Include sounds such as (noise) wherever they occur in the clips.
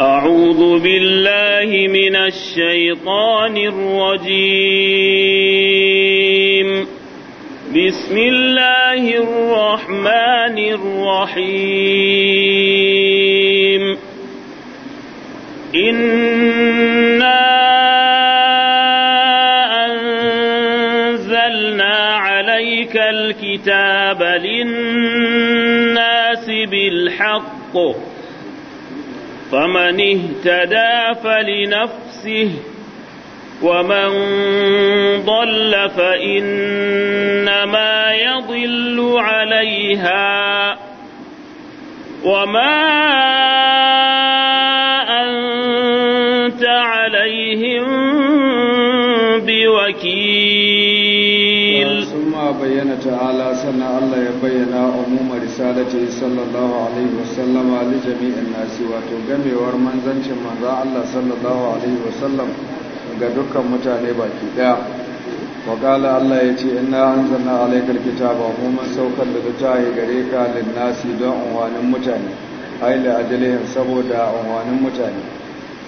أعوذ بالله من الشيطان الرجيم بسم الله الرحمن الرحيم إنا أنزلنا عليك الكتاب للناس بالحق فمن اهتدى فلنفسه ومن ضل فإنما يضل عليها وما أنت عليهم بوكيل ثم بين تعالى سنة الله يبين أمور risalati sallallahu alaihi sallam! li jami'in nasi wato gamewar manzancin manzo Allah sallallahu alaihi sallam!" ga dukkan mutane baki daya wa qala Allah yace inna anzalna alayka kitaba mu mun da tayi gare ka lin nasi don unwanin mutane ai da ajalihim saboda unwanin mutane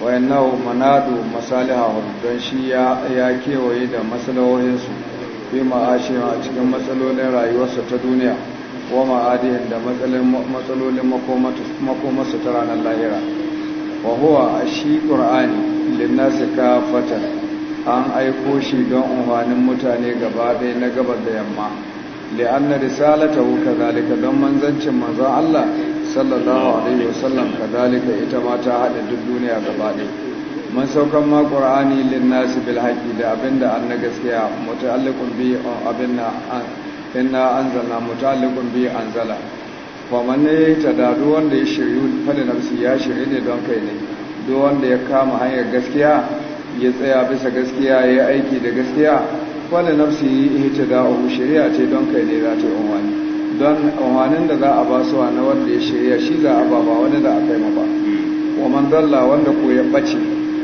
wa innahu manadu masalihahum don shi ya ya kewaye da masalahohinsu fi ma'ashihim a cikin matsalolin rayuwarsa ta duniya a adiyan da matsalolin makomarsu ta ranar lahira wa huwa a shi ƙur'ani linnasi fata an aiko shi don umarnin mutane gaba ɗaya na gabar da yamma li'anna risalata wuka kazalika don manzancin maza Allah sallallahu alaihi wasallam kazalika ita ma ta haɗa duk duniya gaba ɗaya mun saukan ma ƙur'ani linnasi bil haƙi da abinda an na gaskiya muta'alliqun bi inna anzalna muta'alliqun bi anzala wa man yatada wanda ya shiryu fa nafsi ya shirye ne don kai ne duk wanda ya kama hanyar gaskiya ya tsaya bisa gaskiya ya aiki da gaskiya fa da nafsi ihtida'u shari'a ce don kai ne za ta yi umarni don umarnin da za a ba su na wanda ya shirya shi za a ba ba wani da aka yi ma ba wa man dalla wanda ko ya bace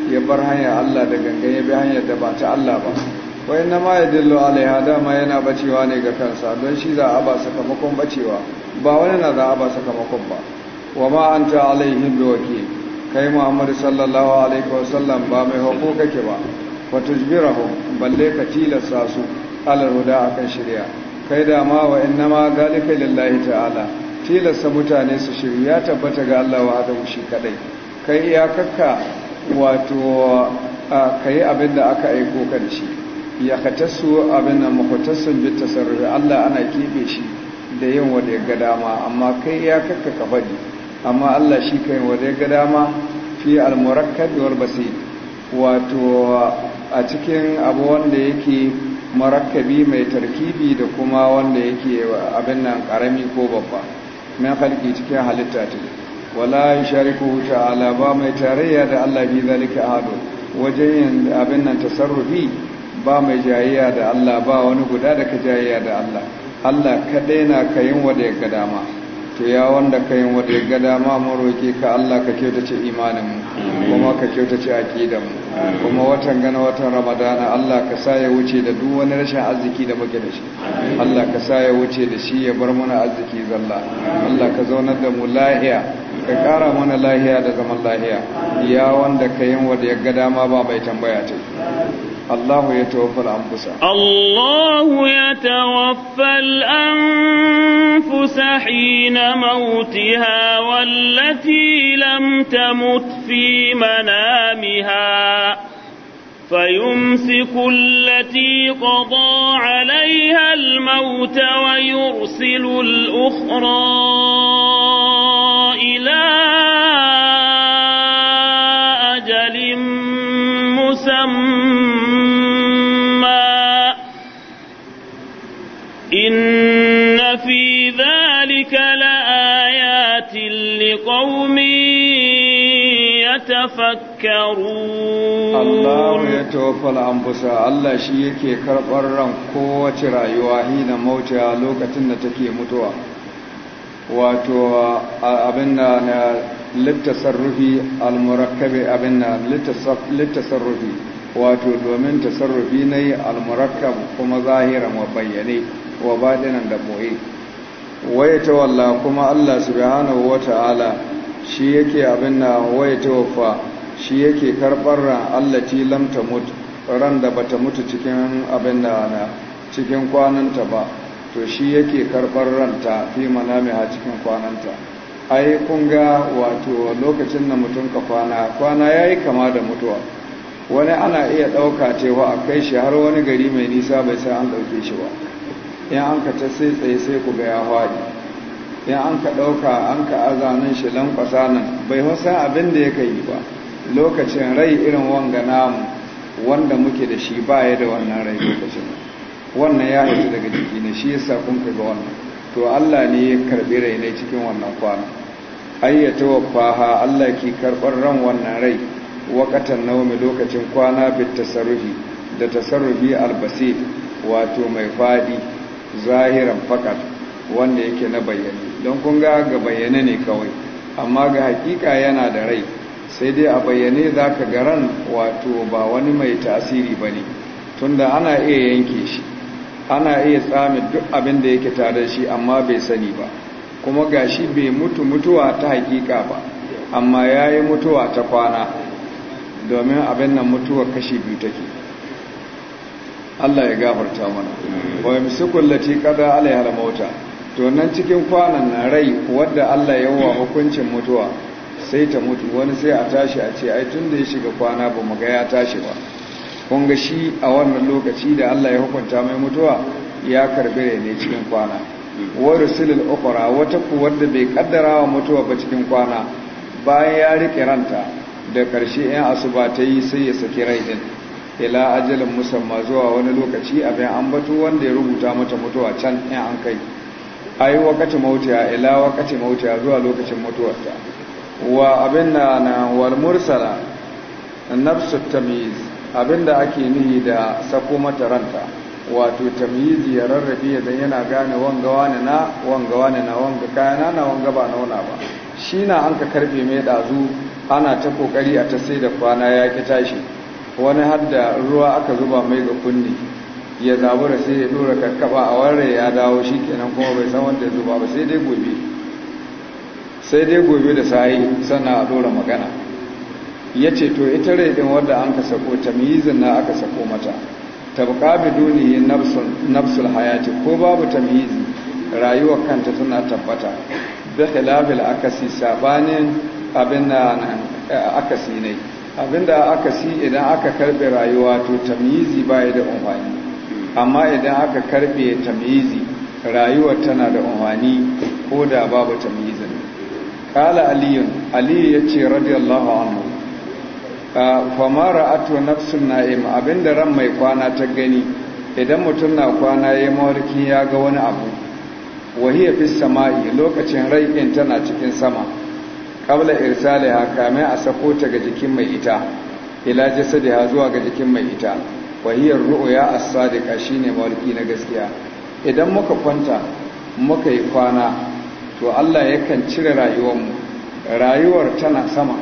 ya bar hanyar Allah da gangan ya bi hanyar da ba ta Allah ba wa inna ma yadullu alaiha dama yana bacewa ne ga kansa don shi za a ba sakamakon bacewa ba wani na za a ba sakamakon ba wa ma anta alaihim biwakil kai muhammad sallallahu alaihi ba mai hako kake ba wa tujbirahum balle ka tilasta su alal huda akan shari'a kai da ma wa inna ma zalika lillahi ta'ala tilasta mutane su shirya ya tabbata ga Allah wa adam shi kadai kai iyakarka wato ka yi abin da aka aiko ka da shi ya su abin da makwatasun bi tasarrufi Allah ana kebe shi da yin wanda ya dama amma kai ya kakka ka faɗi amma Allah shi kai wanda ya ga dama fi al-murakkab wal basit wato a cikin abu wanda yake marakkabi mai tarkibi da kuma wanda yake abin nan karami ko babba mai halki cikin halitta ta wala ko ta'ala ba mai tarayya da Allah bi zalika ahadu wajen abin nan tasarrufi ba mai jayayya da Allah ba wani guda da ka jayayya da Allah Allah kaɗai na ka yin wanda ya ga dama to ya wanda ka yin wanda ya ga dama mun roƙe ka Allah ka kyautace imanin mu kuma ka kyautace aqidan mu kuma watan gana watan Ramadana Allah ka sa ya wuce da duk wani rashin arziki da muke da shi Allah ka sa ya wuce da shi ya bar mana arziki zalla Allah ka zaunar da mu lahiya ka ƙara mana lahiya da zaman lahiya ya wanda ka yin wanda ya ga dama ba bai tambaya ce الله يتوفى الأنفس الله يتوفى الأنفس حين موتها والتي لم تمت في منامها فيمسك التي قضى عليها الموت ويرسل الأخرى إلى إن في ذلك لآيات لقوم يتفكرون الله يتوفى الأنفس الله شيكي كربر رم قوة رأيوا حين لوكة تكي متوى wato abinda na littasarrufi almurakkabi abinda littasarrufi wato domin tasarrufi na yi kuma zahiran wa bayyane wa badinan da boye waye ta walla kuma Allah subhanahu wa ta'ala shi yake abin na waye ta wafa shi yake karɓar ran Allah ti lam mutu ran da bata mutu cikin abin da na cikin kwananta ba to shi yake karɓar ranta fi ha cikin kwananta ai kun ga wato lokacin da mutum ka kwana kwana yayi kama da mutuwa wani ana iya ɗauka cewa a kai shi har wani gari mai nisa bai sai an ɗauke shi ba in an ka ta sai tsaye sai ku ga ya hwaɗi in an ka ɗauka an ka azanin shi lankwasa nan bai wasa abin da ya yi ba lokacin rai irin wanga namu wanda muke da shi ba da wannan rai lokacin wannan ya haifu daga jiki ne shi yasa kun ka ga wannan to Allah ne ya karɓi rai ne cikin wannan kwana ayyata wafaha Allah ki karbar ran wannan rai wakatan naumi lokacin kwana bit da tasarrufi albasir wato mai fadi zahiran fakat wanda yake na bayyane don kun ga ga bayyane ne kawai amma ga hakika yana da rai sai dai a bayyane za ka garan wato ba wani mai tasiri ba ne tunda ana iya yanke shi ana iya tsami duk abin da yake tare shi amma bai sani ba kuma gashi bai mutu mutuwa ta hakika ba amma ya yi mutuwa ta kwana domin abin nan mutuwar kashi biyu take Allah ya gafarta mana wa yamsikul lati qada alaiha al-mauta to nan cikin kwanan na rai wanda Allah ya wa hukuncin mutuwa sai ta mutu wani sai a tashi a ce ai tunda ya shiga kwana ba mu ga ya tashi ba kun ga shi a wannan lokaci da Allah ya hukunta mai mutuwa ya karbe ne cikin kwana wa rusulul ukhra wata ku wanda bai kaddara wa mutuwa ba cikin kwana bayan ya rike ranta da karshe ɗan asuba ta yi sai ya saki rai din ila ajalin musamman zuwa wani lokaci abin ambato wanda ya rubuta mata mutuwa can in an kai A yi wakati mautiya ila wakati mautiya zuwa lokacin mutuwarta wa abin da na wal mursala nafsu tamiz abin da ake nihi da sako mata ranta wato tamiz ya rarrafe ya dan yana gane wanga wani na wanga wani na wanga kayana na wanga ba na wana ba shi na an ka karfe mai ɗazu, ana ta kokari a ta sai da kwana ya ki tashi wani hadda ruwa aka zuba mai ga kunni ya zabu da sai ya dora karkaba a warre ya dawo shi kenan kuma bai san wanda ya zuba ba sai dai gobe sai dai gobe da sayi sana a dora magana ya ce to ita rai din wadda an ka sako ta miyizin na aka sako mata tabka biduni nafsul hayati ko babu tamyizi rayuwar kanta tana tabbata bi khilafil akasi sabanin abin da eh, akasi ne abinda aka si idan aka karbe rayuwa to ba baya da umfani amma idan aka karbe tamizi rayuwa tana da umfani ko da babu tamizin kala aliyun aliyu ya ce radiyallahu anhu fama ra'atu nafsun na'im abinda ran mai kwana ta gani idan mutum na kwana ya mawarkin ya ga wani abu wahiyar fi sama'i lokacin rai tana cikin sama irsali ha kame a sako ta ga jikin mai ita ila ha zuwa ga jikin mai ita wa hiya ru'ya as-sadiqa shine mawliki na gaskiya idan muka kwanta muka yi kwana to Allah yakan cire rayuwar mu rayuwar tana sama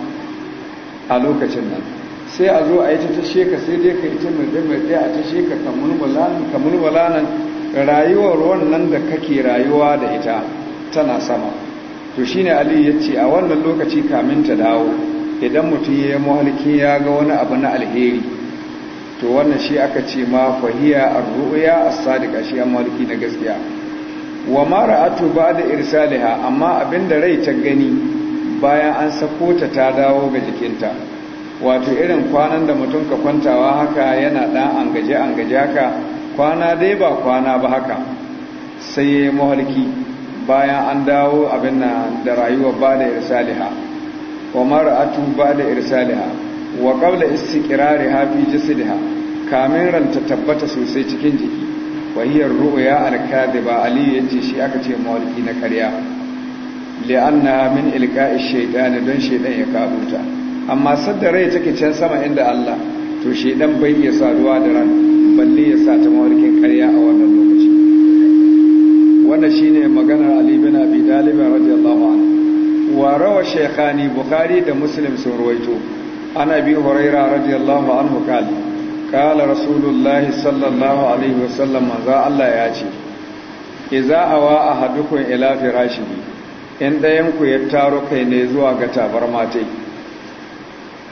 a lokacin nan sai a zo a yi ta sheka sai dai ka ta mai dai mai dai a ta sheka kamar walan kamun walan rayuwar wannan da kake rayuwa da ita tana sama to shi ne ali ya ce a wannan lokaci kamin ta dawo idan mutum ya yi mahalki ya ga wani abu na alheri to wannan shi aka ce ma fahiya ar-ru'ya as-sadiqa shi mahalki na gaskiya wa ma ra'atu da irsaliha amma abin da rai ta gani bayan an sako ta ta dawo ga jikinta wato irin kwanan da mutum ka kwantawa haka yana dan angaje angaje haka kwana dai ba kwana ba haka sai ya yi mahalki bayan an dawo abin na da rayuwa ba da irsaliha wa mar'atu ba da irsaliha wa qabla ha fi jisdiha kamin ta tabbata sosai cikin jiki wa hiya ru'ya al kadiba ali yace shi aka ce mawliki na ƙarya li'anna min ilqa'i shaytan don shaytan ya kabuta amma sadda rai take can sama inda Allah to shaytan bai iya saduwa da ran balle ya sa ta mawlikin ƙarya a wannan lokaci wannan shine maganar Ali bin Abi Talib radiyallahu anhu wa rawa shaykhani Bukhari da Muslim sun ruwaito an Abi Huraira radiyallahu anhu kala kala Rasulullahi sallallahu alaihi wasallam manzo Allah ya ce idza awa ahadukum ila firashihi in dayan ku ya taro kai ne zuwa ga tabarma tai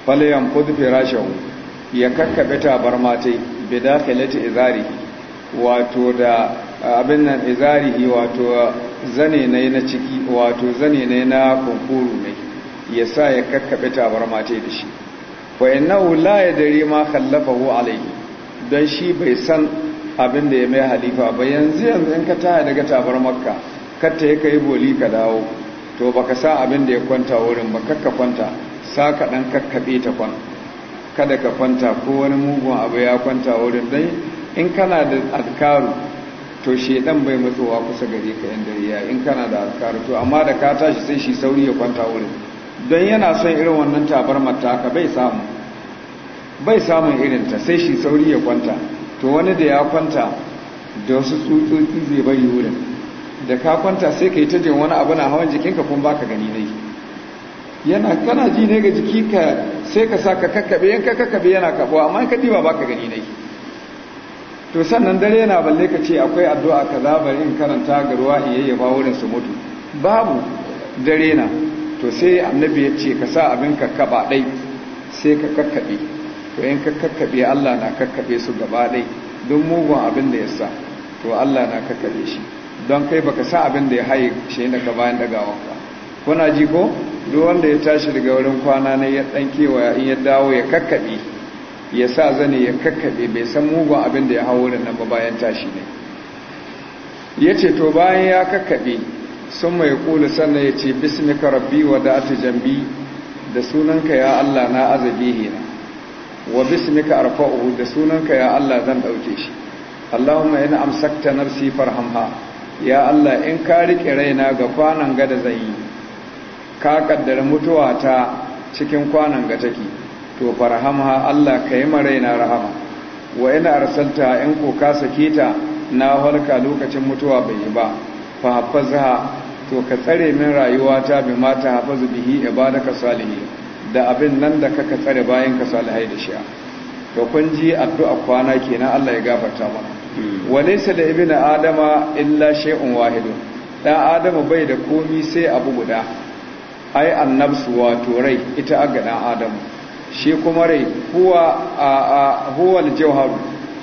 falyan fud firashahu ya kakkabe tabarma tai bi izari. wato da abin nan izarihi wato zane na na ciki wato zane na na kunkuru ne ya sa ya kakkaɓe tabarma ta da shi wa wula ya dare ma khallafahu alayhi Don shi bai san abin da ya mai halifa ba yanzu yanzu in ka taya daga tabarmarka kar ta kai boli ka dawo to ba ka sa abin da ya kwanta wurin ba kakka kwanta sa ka ɗan kakkaɓe ta kwan kada ka kwanta ko wani mugun abu ya kwanta wurin don in kana da alkaru. to dan bai matsowa kusa gare ka yan dare in kana da azkar to amma da ka tashi sai shi sauri ya kwanta wurin don yana son irin wannan tabarmar taka bai samu bai irin ta sai shi sauri ya kwanta to wani da ya kwanta da wasu tsutsotsi zai bari wurin da ka kwanta sai ka yi ta jin wani abu na hawan jikinka kun ka gani dai yana kana ji ne ga jiki ka sai ka sa ka kakabe, yan ka kakkabe yana kabuwa amma ka diba ka gani dai to sannan dare na balle ka ce akwai addu'a kaza bari in karanta ga ruwa iyayya ba wurin su mutu babu dare na to sai annabi ya ce ka sa abin ka kaba dai sai ka kakkabe to in ka kakkabe Allah na kakkabe su gaba dai don mugun abin da ya sa to Allah na kakkabe shi don kai baka sa abin da ya haye shi ne ka bayan daga wanka kuna ji ko duk wanda ya tashi daga wurin kwana na ya dan in ya dawo ya kakkabe ya sa zane ya kakkaɓe bai san mugun abin da ya hau wurin nan ba bayan tashi ne ya ce to bayan ya kakkaɓe sun mai kula sannan ya ce bismika rabbi wa da ta jambi da sunanka ya Allah na azabi na wa bismika arfa'u da sunanka ya Allah zan ɗauke shi Allahumma ina amsakta nafsi farhamha ya Allah in ka riƙe raina ga kwanan gada zai yi ka kaddara mutuwa ta cikin kwanan ga take to farhamha Allah ka yi maraina rahama wa ina arsalta in ko ka sake ta na halka lokacin mutuwa bai yi ba fa hafazaha to ka tsare min rayuwata bi mata hafazu bihi ibadaka salihi da abin nan da kaka tsare bayan ka salihai da shi to kun ji addu'a kwana kenan Allah ya gafarta ba. wa laysa da ibnu adama illa shay'un wahidun dan adama bai da komi sai abu guda ai annabsu wato rai ita aga dan adamu shi kuma rai huwa huwal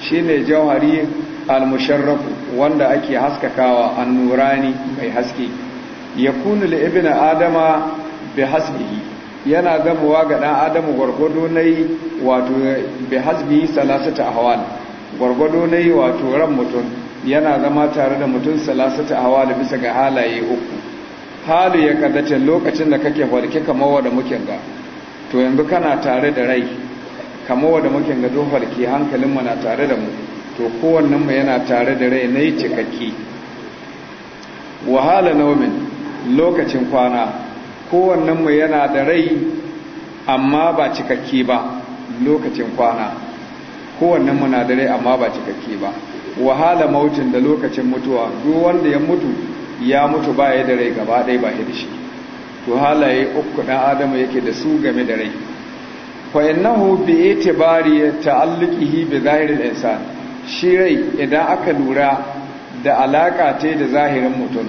shi ne jawhari al-musharrafu wanda ake haskakawa nurani mai haske yakunu li ibni adama bi hasbihi yana gamuwa ga ɗan adamu gwargwado nayi wato bi hasbihi salasata ahwal gwargwado nayi wato ran mutum yana zama tare da mutum salasata ahwal bisa ga halaye uku halu ya kadace lokacin da kake farke kamar wanda muke ga to yanzu kana tare da rai kama wadda muke ga dofar ke hankalinmu na tare da mu to kowannenmu yana tare da rai na yi cikakke wahala nomin lokacin kwana kowannenmu yana da rai amma ba cikakke ba lokacin kwana kowannenmu na da rai amma ba cikakke ba wahala mautin da lokacin mutuwa duk wanda ya mutu ya mutu ba ya da rai gaba ɗaya ba ya da shi to halaye uku ɗan adam yake da su game da rai fa'innahu bi itibari ta'alluqihi bi zahirin insan shi rai idan aka lura da alaka ce da zahirin mutum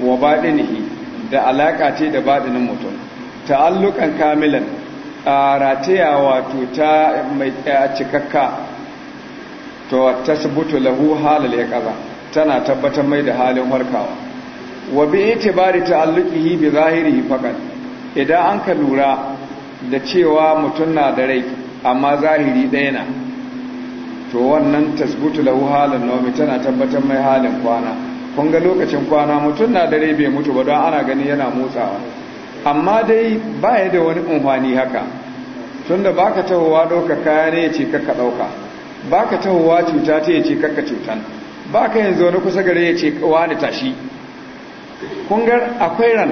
wa badinihi da alaka ce da badinin mutum ta'alluqan kamilan rataya wato ta mai cikakka to tasbutu lahu halal yaqaza tana tabbatar mai da halin harkawa wa bi itibari ta'alluqihi bi zahirihi faqat idan an ka lura da cewa mutum na da rai amma zahiri daya na to wannan tasbutu lahu halin nomi tana tabbatar mai halin kwana kun ga lokacin kwana mutum na da rai bai mutu ba don ana gani yana motsawa amma dai baya da wani umfani haka Tunda baka tahowa ɗauka kaya ne ya ce ka ɗauka baka tahowa cuta ta ya ce ka cutan baka yanzu wani kusa gare ya ce wani tashi Kungar akwai ran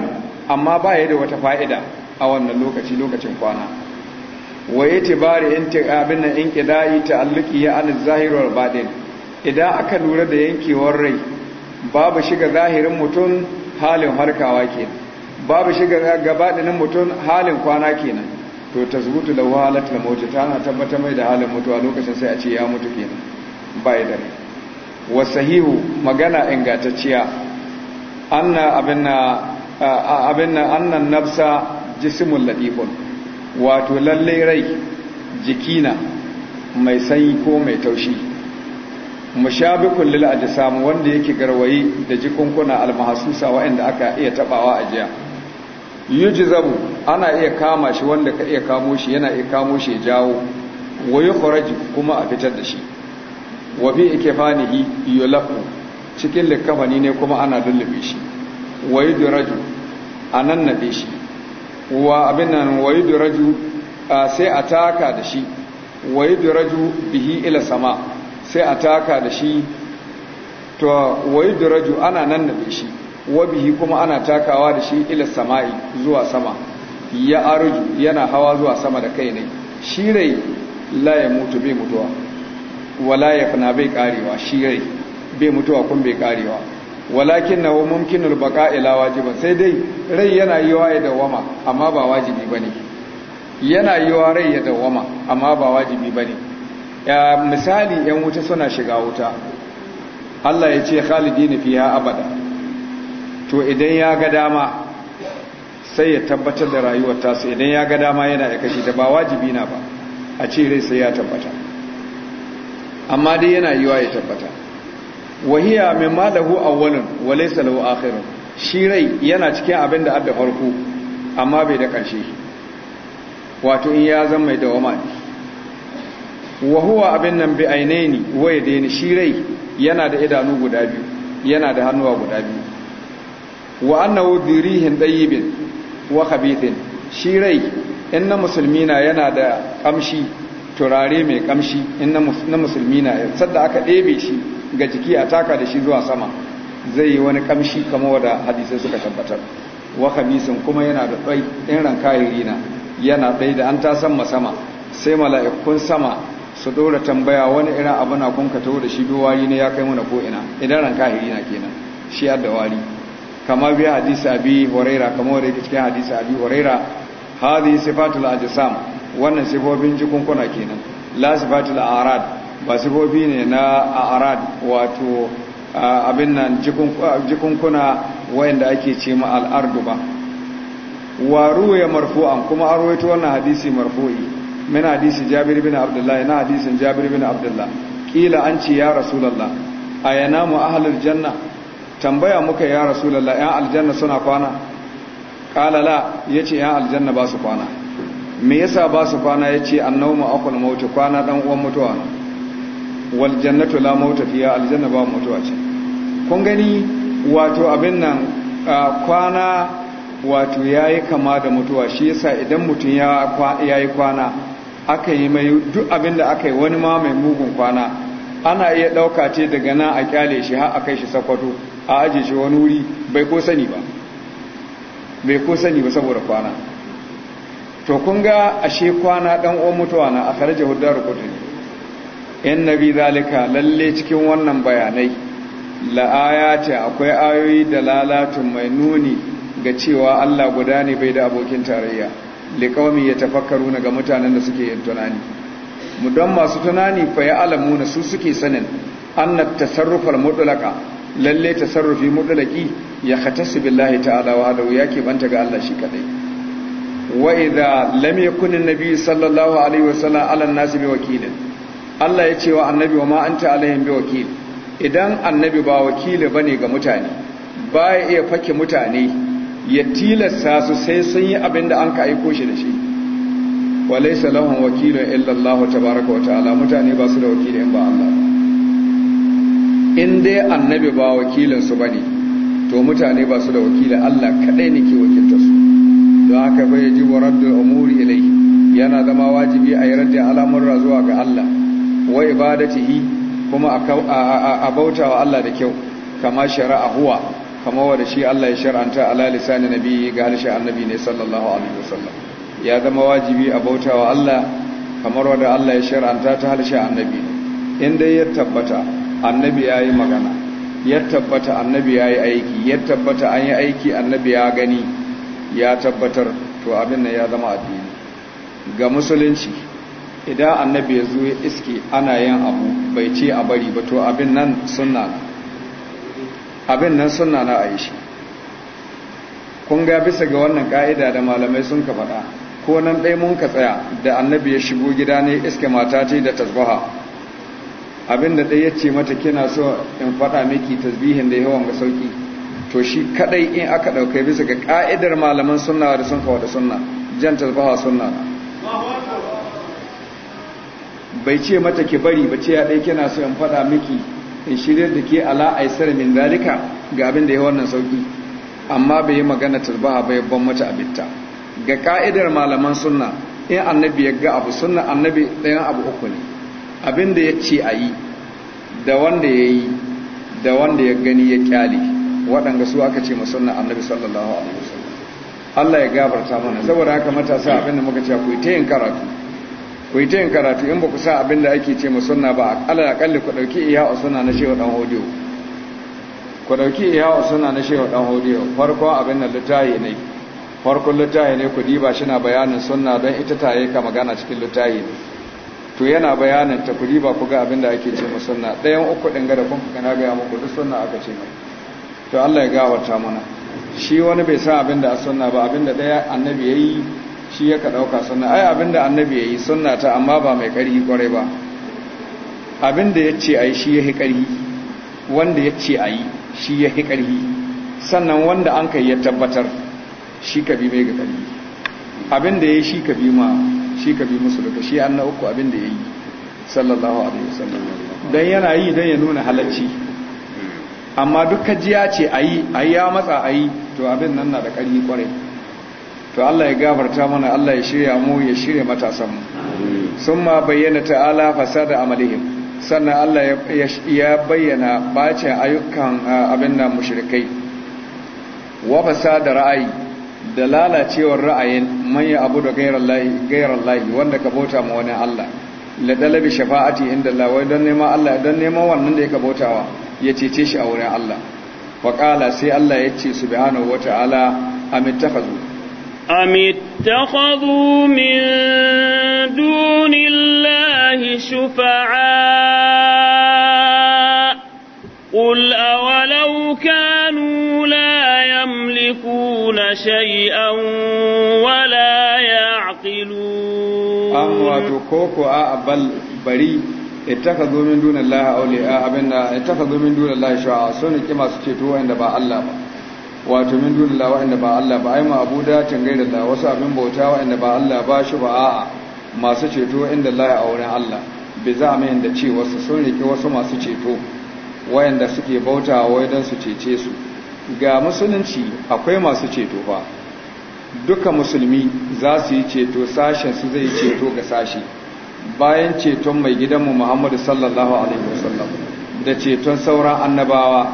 amma ba ya da wata fa'ida a wannan lokaci lokacin kwana wa ya bari in abin nan in ƙida'i ta'alluki ya anin zahirar baɗin idan aka lura da yankewar rai babu shiga zahirin mutum halin harkawa kenan babu shiga gabaɗinin mutum halin kwana kenan to ta zubutu da wahalar lamauti ta na tabbatar mai da halin mutuwa lokacin sai a ce ya mutu kenan ba ya wasahihu magana ingantacciya anna abinna abinna annan nafsa jismul wato lallai rai jikina mai sanyi ko mai taushi mushabikun lil ajsam wanda yake garwaye da jikunkuna almahasusa waɗanda aka iya tabawa a jiya yujzabu ana iya kama shi wanda ka iya kamo shi yana iya kamo shi jawo wa yukhraju kuma a fitar da shi wa bi ikfanihi yulafu cikin likamani ne kuma ana lullube shi wa raju a nan shi wa abin nan wa raju sai a taka da shi wa raju bihi ila sama sai a taka da shi to wa yudraju ana nan nade shi wa bihi kuma ana takawa da shi ila sama'i zuwa sama ya arju yana hawa zuwa sama da kai ne shi rai la ya mutu bai mutuwa wala ya fana bai karewa shi rai bai mutuwa kun bai karewa walakin na mumkinul baka ila wajiba sai dai rai yana yi wa ya dawama amma ba wajibi bane yana yi wa rai ya dawama amma ba wajibi bane ya misali yan wuta suna shiga wuta Allah ya ce khalidina fiha abada to idan ya ga dama sai ya tabbatar da rayuwar tasu idan ya ga dama yana da kashi ta ba wajibi na ba a ce rai sai ya tabbata amma dai yana yi wa ya tabbata wahiya mai malahu a wa laysa lahu shi rai yana cikin abin da adda farko amma bai da ƙarshe wato in ya zama mai dawama ne Wahuwa abin nan bi waye da yin shi rai yana da idanu guda biyu yana da hannuwa guda biyu wa annahu dirihin dayyibin wa khabithin shi rai in na musulmi na yana da kamshi turare mai kamshi in na musulmi na sadda aka ɗebe shi ga jiki a taka da shi zuwa sama zai yi wani kamshi kama wada hadisai suka tabbatar wa kamisin kuma yana da ɗai in rankayi na yana ɗai da an tasan sama sai mala'ikun sama su ɗora tambaya wani irin abu na kun ka taho da shi wari ne ya kai mana ko ina idan rankayi na kenan shi yadda wari kama biya hadisi abi horaira kama wadda yake cikin hadisi abi horaira hadhihi a ajsam wannan sifofin jikunkuna kenan la sifatul arad ba sifofi ne na a arad wato abin nan jikunkuna wayanda ake ce ma al'ardu ba ya marfu marfu'an kuma an ruwaito wannan hadisi marfu'i min hadisi jabir bin abdullahi na hadisin jabir bin abdullahi kila an ce ya a yana mu ahlul janna tambaya muka ya rasulallah ya aljanna suna kwana kalala ya yace ya aljanna ba su kwana me yasa ba su kwana ya yace annawmu aqul mautu kwana dan uwan mutuwa wal jannatu la mauta fiya aljanna ba mutuwa ce kun gani wato abin nan kwana wato yayi kama da mutuwa shi yasa idan mutum ya yayi kwana aka yi mai duk abin da aka yi wani ma mai mugun kwana ana iya dauka ce daga nan a kyale shi har a kai shi sakwato a aje shi wani wuri bai ko sani ba bai ko sani ba saboda kwana to kun ga ashe kwana dan uwan mutuwa na a kharaja huddar qutni in na bi zalika lalle cikin wannan bayanai la'aya ce akwai ayoyi da lalatun mai nuni ga cewa Allah guda ne bai da abokin tarayya liƙaumi ya tafakkaru ga mutanen da suke yin tunani mu don masu tunani fa ya alamu na su suke sanin annat tasarrufar mutulaka lalle tasarrufi mutulaki ya khatasi billahi ta'ala wa ke ya banta ga Allah shi kadai wa idza lam yakun an-nabi sallallahu alaihi wasallam ala an-nasi bi wakilin Allah ya ce wa annabi wa ma'anta alayhin bi wakil idan annabi ba wakili bane ga mutane baya iya fake mutane ya tilasta su sai sun yi abin da an ka aiko shi da shi wa laisa lahun wakilun wa Allah wa ta'ala mutane ba su da wakili ba Allah in dai annabi ba wakilin su bane to mutane ba su da wakili Allah kadai ne ke wakilta su don haka bai ji wa raddul umuri ilai yana zama wajibi a yi raddin al'amurra zuwa ga Allah wa ibadatihi kuma a bauta wa Allah da kyau kama shari'a huwa kama wanda shi Allah ya shar'anta ala lisanin nabi ga harshen annabi ne sallallahu alaihi wasallam ya zama wajibi a bauta wa Allah kamar wanda Allah ya shar'anta ta harshen annabi in inda ya tabbata annabi yayi magana ya tabbata annabi yayi aiki ya tabbata an yi aiki annabi ya gani ya tabbatar to abin nan ya zama addini ga musulunci idan annabi ya zo ya iske ana yin abu bai ce a bari ba to abin nan sunna abin nan sunna na a yi shi kun ga bisa ga wannan ka'ida da malamai sun ka faɗa ko nan ɗai mun ka tsaya da annabi ya shigo gida ne iske mata ce da tasbaha abin da ɗai ya ce mata kina so in faɗa miki tasbihin da yawan ga sauki to shi kaɗai in aka ɗaukai bisa ga ka'idar malaman sunna da sun sunna jan tasbaha sunna bai ce mata ki bari ba ce ya ɗai kina so in faɗa miki in shirya da ke ala aisar min dalika ga abin da ya wannan sauki amma bai yi magana turbaha bai ban mata abinta ga ka'idar malaman sunna in annabi ya ga abu sunna annabi ɗayan abu uku ne abin da ya ce a yi da wanda ya yi da wanda ya gani ya kyale waɗanda su aka ce suna annabi sallallahu alaihi wasallam Allah ya gabarta mana saboda haka matasa abin da muka ce ku ta yin karatu ku yi ta yin karatu in ba ku sa abin da ake ce suna ba alal akalli ku ɗauki iya a suna na shehu ɗan hodiyo ku ɗauki iya a suna na shehu ɗan hodiyo farko abin da littahi ne farko littahi ne ku diba shi na bayanin sunna don ita ta yi ka magana cikin littahi ne to yana bayanin ta ku diba ku ga abin da ake ce suna. ɗayan uku ɗin gada kun kana gaya muku duk sunna aka ce mai to Allah ya gawarta mana shi wani bai san abin da a sunna ba abin da ɗaya annabi ya yi shi yaka dauka sunna ai abinda annabi yayi sunna ta amma ba mai ƙarfi kwarai ba abinda yace ai shi yahi ƙarfi wanda yace ai shi yahi ƙarfi sannan wanda an kai ya tabbatar shi ka bi mai ga ƙarfi abinda yayi shi ka bi ma shi ka bi musu duka shi annabi uku abinda yayi sallallahu alaihi wasallam dan yana yi dan ya nuna halacci amma duk kajiya ce ayi ayi ya matsa ayi to abin nan na da ƙarfi kwarai to Allah ya gafarta mana Allah ya shirya mu ya shirya matasan mu summa bayyana ta'ala fasada amalihim sannan Allah ya bayyana bace ayyukan abin nan mushrikai wa fasada ra'ayi da lalacewar ra'ayin manya abu da gairar lahi wanda ka bauta ma wani Allah la dalabi shafa'ati inda Allah wai don neman Allah dan neman wannan da ya bautawa ya cece shi a wurin Allah wa sai Allah ya ce subhanahu wata'ala am ittakhadhu أم اتخذوا من دون الله شفعاء قل أولو كانوا لا يملكون شيئا ولا يعقلون أم واتوكوكو أبل بري اتخذوا من دون الله أولياء أبنا اتخذوا من دون الله شفعاء سنة كما ستتوى عند با الله wato min dun Allah wa'anda ba Allah ba ai ma abu da da wasu abin bauta wa'anda ba Allah ba shi ba a'a masu ceto inda Allah a wurin Allah bi za a da ce wasu sun rike wasu masu ceto wa'anda suke bauta wai idan su cece su ga musulunci akwai masu ceto ba, duka musulmi za su yi ceto sashen su zai ceto ga sashi bayan ceton mai gidanmu Muhammadu sallallahu alaihi wasallam da ceton sauran annabawa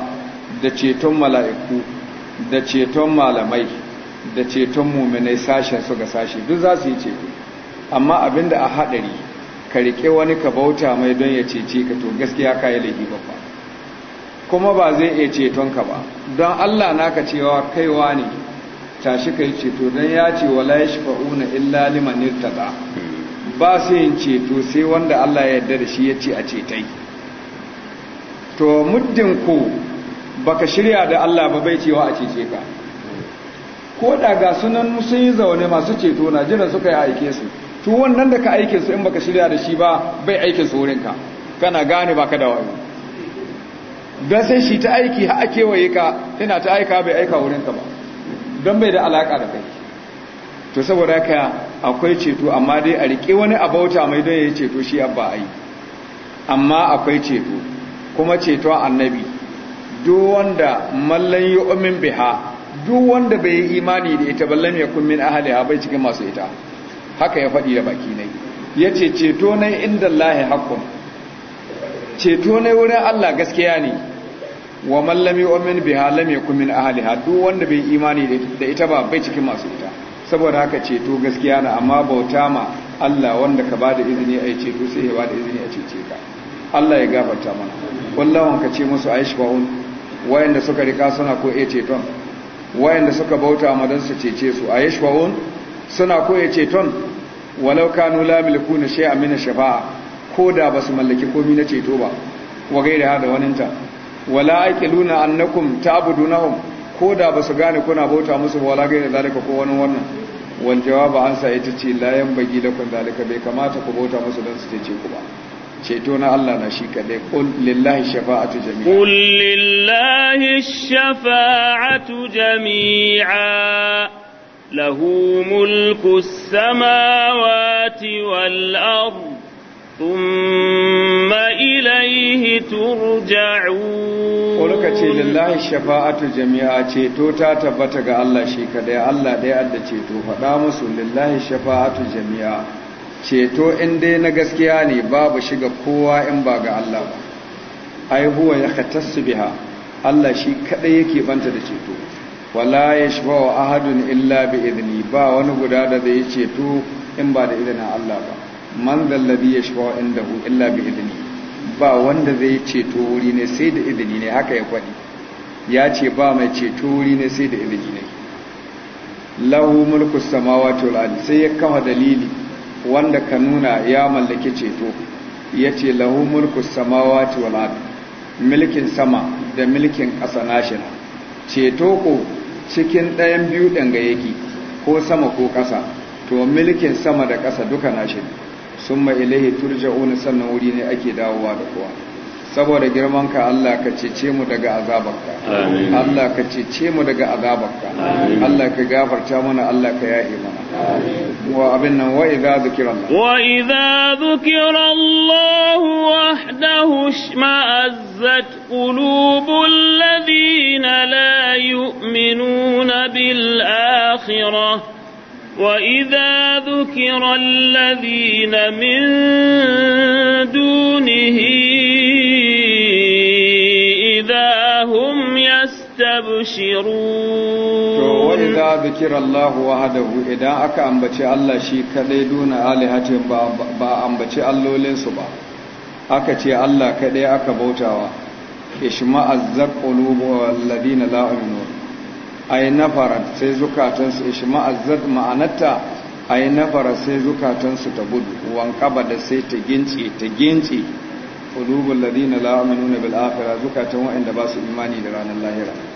da ceton mala'iku da ceton malamai da ceton muminai sashen su ga sashe duk za su yi ceto amma abinda a haɗari ka riƙe wani ka bauta mai don ya cece ka to gaskiya ka yi laifi babba kuma ba zai iya ceton ka ba don allah naka cewa kaiwa ne tashi ka yi ceto don ya ce wala ya una illa ta za ba su yin ceto sai wanda allah ya yarda da shi ya ce a cetai to muddin ku baka shirya da Allah ba bai cewa a cece ka ko da ga sunan sun yi zaune masu ceto na jiran suka yi aike su to wannan da ka aike su in baka shirya da shi ba bai aikin su wurin ka kana gane baka da wani da sai shi ta aiki har ake waye ka tana ta aika bai aika wurin ka ba dan bai da alaka da kai to saboda ka akwai ceto amma dai a rike wani abauta mai don ya ceto shi abba ai amma akwai ceto kuma ceto annabi duk wanda mallan yi yu'min biha duk wanda bai yi imani da ita ballam ya kun min ahliha bai cikin masu ita haka ya faɗi da baki ne yace ceto na inda lahi haqqun ceto na wurin Allah gaskiya ne wa mallan yi yu'min biha lam kun min ha duk wanda bai yi imani da ita ba bai cikin masu ita saboda haka ceto gaskiya na amma bauta ma Allah wanda ka bada izini yi ceto sai ya bada izini a cece ka Allah ya gafarta mana wallawan ka ce musu wani wayanda suka rika suna ko iya ceton wayanda suka bauta ma don su cece su a yashwa'un suna ko iya ceton walau kanu la milkuna a min shafa'a ko da basu mallaki komai na ceto ba wa gaira da waninta wala aqiluna annakum ta'budunahum ko da basu gane kuna bauta musu ba wala gaira zalika ko wani wannan wal jawabu an sa ita ce bagi da kun zalika bai kamata ku bauta musu don su cece ku ba ceto na Allah na shi kadai qul lillahi shafa'atu jami'a qul lillahi shafa'atu jami'a lahu mulku samawati wal ard thumma ilayhi turja'un ko lokaci lillahi shafa'atu jami'a ceto ta tabbata ga Allah shi kadai Allah ɗaya adda ceto faɗa musu lillahi shafa'atu jami'a ceto in dai na gaskiya ne babu shiga kowa in ba ga Allah ba ai huwa ya khatassu biha Allah shi kadai yake banta da ceto wala wa ahadun illa bi idni ba wani guda da zai ceto in ba da idanin Allah ba man ladhi yashfa indahu illa bi idni ba wanda zai ceto wuri ne sai da idni ne haka ya kwadi ya ce ba mai ceto wuri ne sai da idni ne lahu mulku samawati wal ardi sai ya kama dalili wanda ka nuna ya mallaki ceto ya ce lahu mulku samawati wal milkin sama da milkin ƙasa nashina ceto ko cikin ɗayan biyu ɗanga yake ko sama ko ƙasa to milkin sama da ƙasa duka nashin sun ma ilahi turja'un sannan wuri ne ake dawowa da kowa saboda girmanka Allah ka cece mu daga azabarka amin Allah ka cece mu daga azabarka amin Allah ka gafarta mana Allah ka yahi mana amin wa abin nan wa idza zikira Allah wa idza zikira Allah wahdahu shma'azzat qulubul ladina la yu'minuna bil akhirah وإذا ذكر الذين من دونه تبشرون to wanda bikira Allah wahdahu idan aka ambace Allah shi kadai duna alihatin ba ba ambace allolin su ba aka ce Allah kadai aka bautawa ishma'az zaqulubu alladina la yu'minun ay nafara sai zukatan su ishma'az zaq ma'anata ay nafara sai zukatan su ta gudu wanqaba da sai ta gince ta gince qulubul ladina la yu'minuna bil akhirah zukatan wa'anda ba su imani da ranar lahira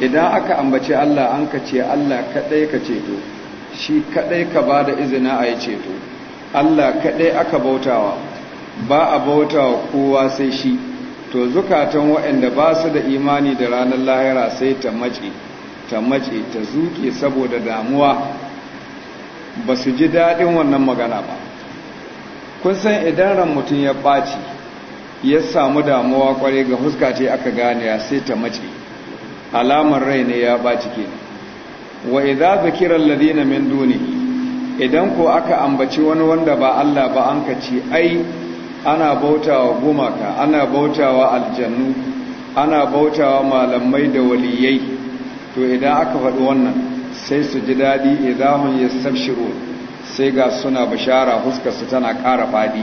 idan aka ambace Allah an ka ce Allah kaɗai ka ceto shi kaɗai ka ba da izina a yi ceto Allah kaɗai aka bautawa ba a bautawa kowa sai shi to zukatan waɗanda ba su da imani da ranar lahira sai ta mace ta mace ta zuke saboda damuwa ba su ji daɗin wannan magana ba kun san idan ran mutum ya ɓaci ya samu damuwa kwarai ga huska ce aka gane sai ta mace alamar rai ne ya baci kenan wa idza zikira alladhina min duni idan ko aka ambaci wani wanda ba Allah ba an kace ai ana bautawa gumaka ana bautawa aljannu ana bautawa malamai da waliyai to idan aka faɗi wannan sai su ji daɗi idahun yastabshiru sai ga suna bishara huskar su tana ƙara fadi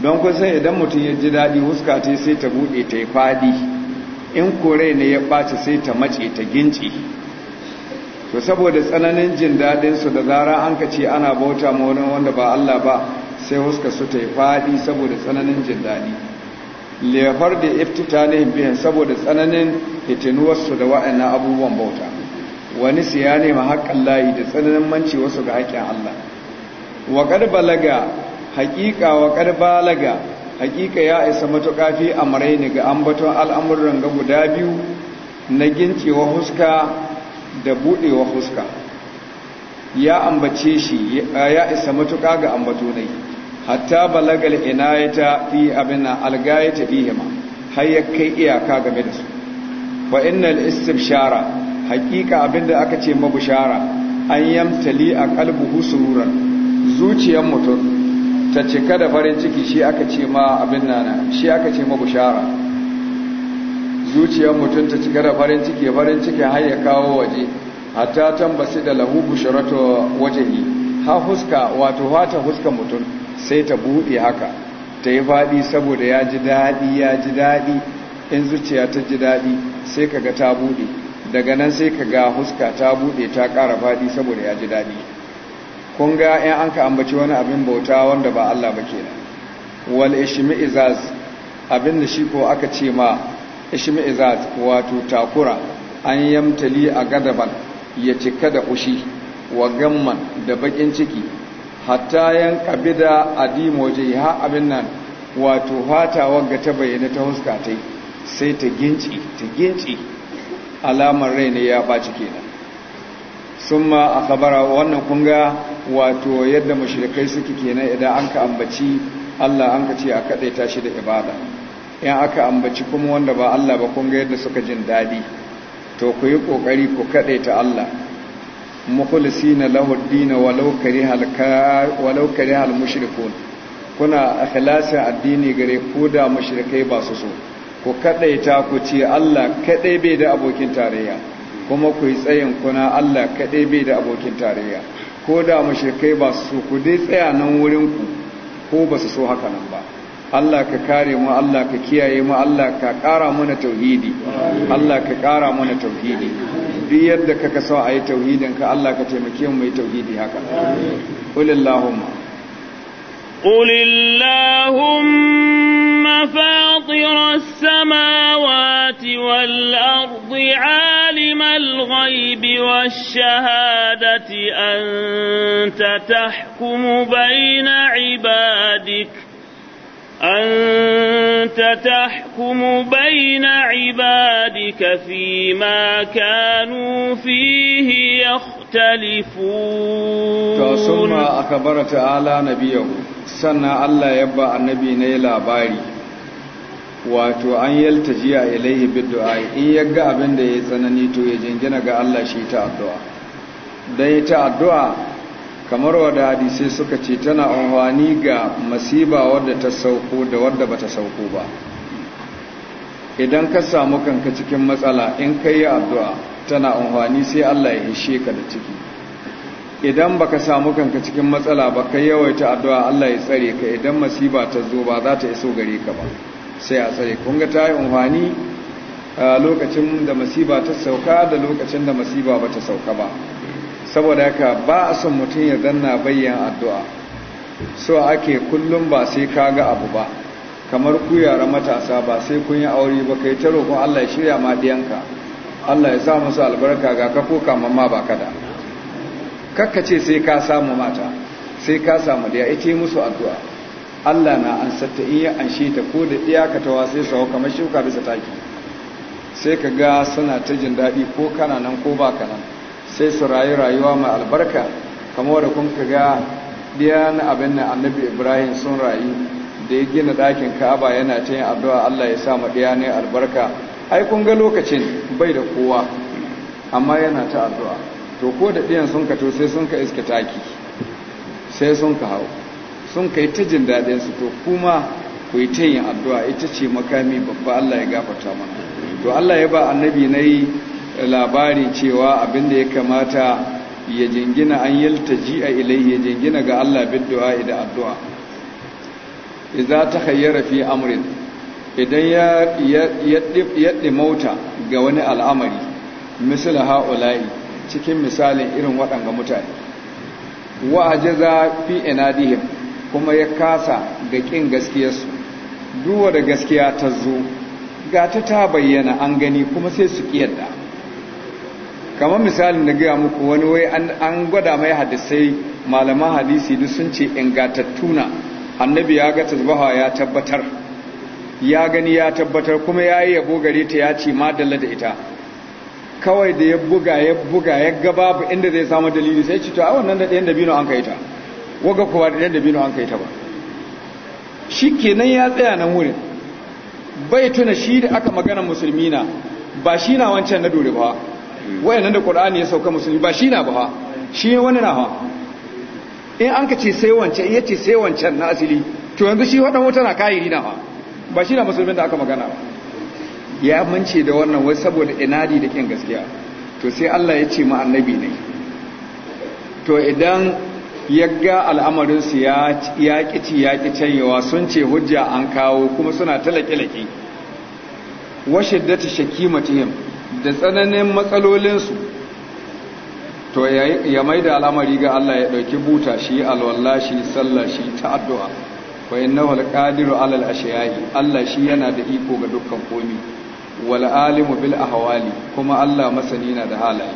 don kun san idan mutum ya ji daɗi huska ce sai ta bude ta yi fadi in kore ne ya ɓaci sai ta mace ta ginci to saboda tsananin jin daɗinsu da zara an ka ce ana bauta ma wani wanda ba Allah ba sai huska su ta yi faɗi saboda tsananin jin daɗi lefar da iftita ne biyan saboda tsananin hitinuwarsu da wa'ina abubuwan bauta wani siya ne haƙƙan layi da tsananin manci wasu ga haƙƙin Allah wa balaga haƙiƙa wa balaga hakika ya isa matuƙa fi amraini ga ambaton al'amuran ga guda biyu na gincewa huska da buɗewa huska ya ambace shi ya isa matuƙa ga ambato hatta balagal ta fi abina algayata fihima har ya kai iyaka game da su ina innal shara hakika da aka ce mabushara an yamtali a kalbuhu sururan zuciyar mutum ta cika da farin ciki shi aka ce ma abin nana shi aka ce ma bushara zuciyar mutum ta cika da farin ciki farin ciki har ya kawo waje hatta tambasi da lahu waje ne ha huska wato hata huska mutum sai ta buɗe haka ta yi faɗi saboda ya ji dadi ya ji dadi in zuciya ta ji daɗi sai kaga ta bude daga nan sai kaga huska ta buɗe ta ƙara faɗi saboda ya ji daɗi kun ga in an ka ambaci wani abin bauta wanda ba Allah ba kenan wal izaz abin da shi ko aka ce ma izaz wato takura an yamtali a gadaban ya cika da kushi wa gamman da bakin ciki hatta yan kabida adimo je ha abin nan wato hata wagga ta bayyana ta huska sai ta ginci ta ginci alamar rai ne ya baci kenan summa a kabara wannan kunga wato yadda mashirikai suke kenan idan an ka ambaci Allah an ka ce a kaɗaita shi da ibada in aka ambaci kuma wanda ba Allah ba kunga yadda suka jin daɗi to ku yi ƙoƙari ku kaɗaita Allah mukulisi na ad na walau kariha walau kuna a filasin addini gare ku da mashirikai ba su so ku kaɗaita ku ce Allah kaɗai bai da abokin tarayya kuma ku yi tsayin kuna Allah kaɗai bai da abokin tarayya ko da mashirkai ba su ku dai tsaya nan wurinku ko ba su so haka nan ba Allah ka kare mu Allah ka kiyaye mu Allah ka ƙara mana tauhidi Allah ka ƙara mana tauhidi duk yadda kaka so a yi tauhidin ka Allah ka taimake mu yi tauhidi haka qulillahumma qulillahumma fatir as-samawati والأرض عالم الغيب والشهادة أنت تحكم بين عبادك أنت تحكم بين عبادك فيما كانوا فيه يختلفون ثم أكبر تعالى نبيه سنة الله يبقى النبي نيلا باري wato an yalta jiya ilaihi bidu'a in ya ga abin da ya tsanani to ya jingina ga Allah shi ta addu'a dan ta addu'a kamar wanda hadisi suka ce tana anhwani ga masiba wanda ta sauko da wanda bata sauko ba idan ka samu kanka cikin matsala in ka yi addu'a tana anhwani sai Allah ya hishe ka da ciki idan baka samu kanka cikin matsala ba kai yawaita addu'a Allah ya tsare ka idan masiba ta zo ba za ta iso gare ka ba sai a tsare kun ga ta yi amfani lokacin da masiba ta sauka da lokacin da masiba ba ta sauka ba saboda yaka ba a son mutum ya zanna bayyan addu'a so ake kullum ba sai ka ga abu ba kamar ku yara matasa ba sai kun yi aure ba kai ta kun Allah ya shirya ma diyanka Allah ya sa musu albarka ga ka ko ma ba kada kakkace sai ka samu mata sai ka samu da ya ce musu addu'a Allah na ansatta in ya anshe ta ko da iyaka sai wasai sawo kamar shuka bisa taki sai ka ga suna ta jin daɗi ko kana nan ko ba ka nan sai su rayu rayuwa mai albarka kamar da kun ka ga na abin nan annabi ibrahim sun rayu da ya gina ɗakin ka'aba yana ta yin addu'a Allah ya sa ma ɗiya ne albarka ai kun ga lokacin bai da kowa amma yana ta addu'a to ko da ɗiyan sun ka to sai sun ka iska taki sai sun ka hau sun kai ta jin daɗinsu to kuma ku yi ta yin addu'a ita ce makami babba Allah ya gafarta mana to Allah ya ba annabi na yi labari cewa abinda ya kamata ya jingina an yalta ji a ilai ya jingina ga Allah biddu'a da addu'a idza ta hayyara fi amrin idan ya yaddi mauta ga wani al'amari misal haula'i cikin misalin irin waɗanga mutane wa ajaza fi inadihim kuma ya kasa ga ƙin gaskiyarsu duwa da gaskiya ta zo gata ta bayyana an gani kuma sai su ƙiyarda kamar misalin da gaya muku wani wai an gwada mai hadisai malaman hadisi duk sun ce ingatattuna annabi ya ga tasbaha ya tabbatar ya gani ya tabbatar kuma ya yi yabo gare ta ya ce madalla da ita kawai da ya buga ya buga ya ga babu inda zai samu dalili sai ce to a wannan da ɗayan dabino an kai ta waga kuwa da yadda bino an kai ta ba shi kenan ya tsaya nan wurin bai tuna shi da aka magana musulmi na ba shi na wancan na dore ba nan da qur'ani ya sauka musulmi ba shi na ba shi wani na ha in an ka ce sai wancan in yace sai wancan na asili to yanzu shi wadan wata na kayi na ba ba shi na musulmin da aka magana ba ya mance da wannan wai saboda inadi da kyan gaskiya to sai Allah ya ce ma annabi ne to idan yagga al'amarinsu ya kici ya ƙi canyewa sun ce hujja an kawo kuma suna talake laƙe washe shaki shakimatihim da tsananin matsalolinsu to ya mai da al'amari ga Allah ya ɗauki buta shi alwallah shi sallah shi ta addu'a wa inna wal alal Allah shi yana da iko ga dukkan komi wal alimu bil ahwali kuma Allah masani na da halaye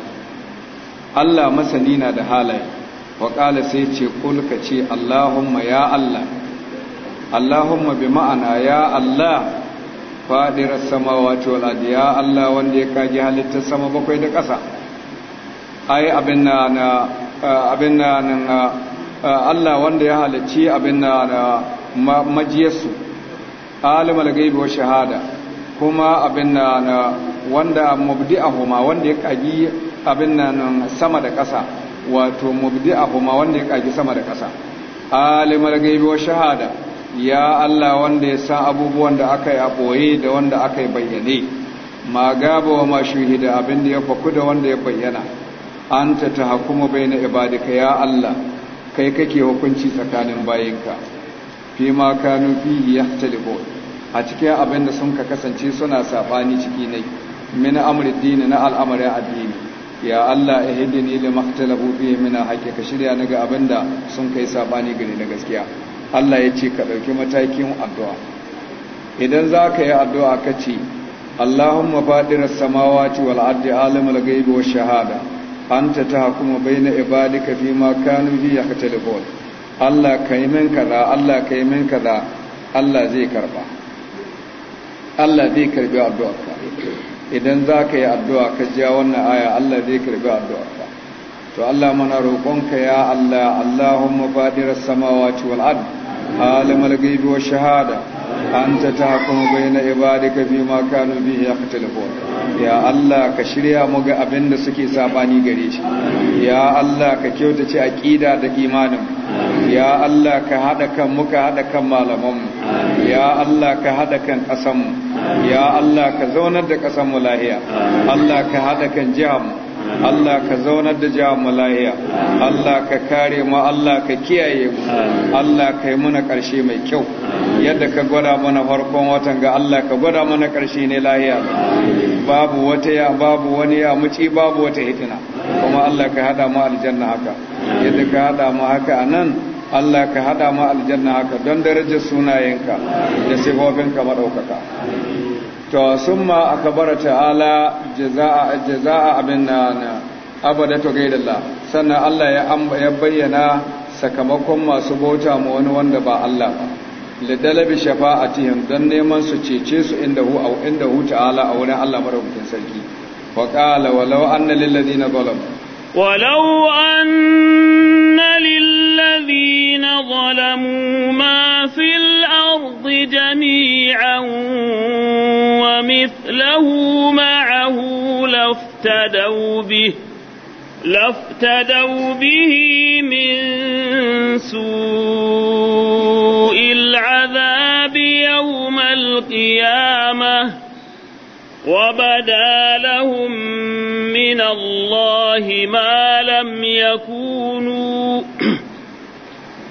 Allah masani na da halaye waƙala sai ce kulka ce allahumma ya allah allahumma bi ma'ana ya allah faɗirar sama wato al'adu ya allah wanda ya kaji halittar sama bakwai da ƙasa ai abin na na abin na na allah wanda ya halicci abin na na majiyarsu alimul gaibi wa shahada kuma abin na na wanda homa wanda ya kaji abin na sama da ƙasa wato abu ma wanda ya kaji sama da ƙasa alimar gaibi wa shahada ya Allah wanda ya san abubuwan da aka yi a boye da wanda aka yi bayyane ma gaba wa ma da abin da ya faku da wanda ya bayyana anta bai baina ibadika ya Allah kai kake hukunci tsakanin bayinka fi ma nufi ya a cikin abin da sun ka kasance suna saɓani ciki ne min amri dini na al'amarin addini ya Allah ihdini da maktalabu fihi mina haqqi ka shirya ni ga abinda sun kai sabani gare na gaskiya Allah ya ce ka ɗauki matakin addu'a idan za ka yi addu'a ka ce Allahumma fadiras samawati wal ardi alimul ghaibi shahada anta tahkumu baina ibadika ma kanu fi yakhtalifun Allah kai min kaza Allah kai min kaza Allah zai karba Allah zai karbi addu'arka idan za ka yi addu'a ka jiya wannan aya Allah zai karbi addu'arka to Allah mana roƙonka ya Allah Allahumma fadirar samawati ci ard alimul ghaibi shahada anta tahkumu bayna ibadika fima kanu bihi yakhtalifun ya Allah ka shirya muga abin da suke sabani gare shi ya Allah ka kyautace aqida da imanin ya Allah ka hada kan muka hada kan malaman ya Allah ka hada kan kasan ya Allah ka zaunar da kasan mu lahiya Allah ka hada kan jihar Allah ka zaunar da jawon mu Allah ka kare mu Allah ka kiyaye mu Allah ka yi muna ƙarshe mai kyau yadda ka gwada mana farkon watan ga Allah ka gwada mana ƙarshe ne lahiya babu wata ya babu wani ya muci babu wata hitina kuma Allah ka haɗa mu aljanna haka yadda ka haɗa mu haka a nan, Allah ka haɗa mu aljanna haka don darajar sunayenka da sifofinka maɗaukaka. to a akbara ta'ala jazaa a abin na abada to gaidallah sannan Allah ya bayyana sakamakon masu bauta ma wani wanda ba Allah ba lidalabi shafa'atihim dan neman su cece su inda hu ta'ala a wurin Allah madaukakin sarki wa qala walau anna lil ladina zalamu ولو أن للذين ظلموا ما في الأرض جميعا ومثله معه لافتدوا به لافتدوا به من سوء العذاب يوم القيامه وبدا لهم من الله ما لم يكونوا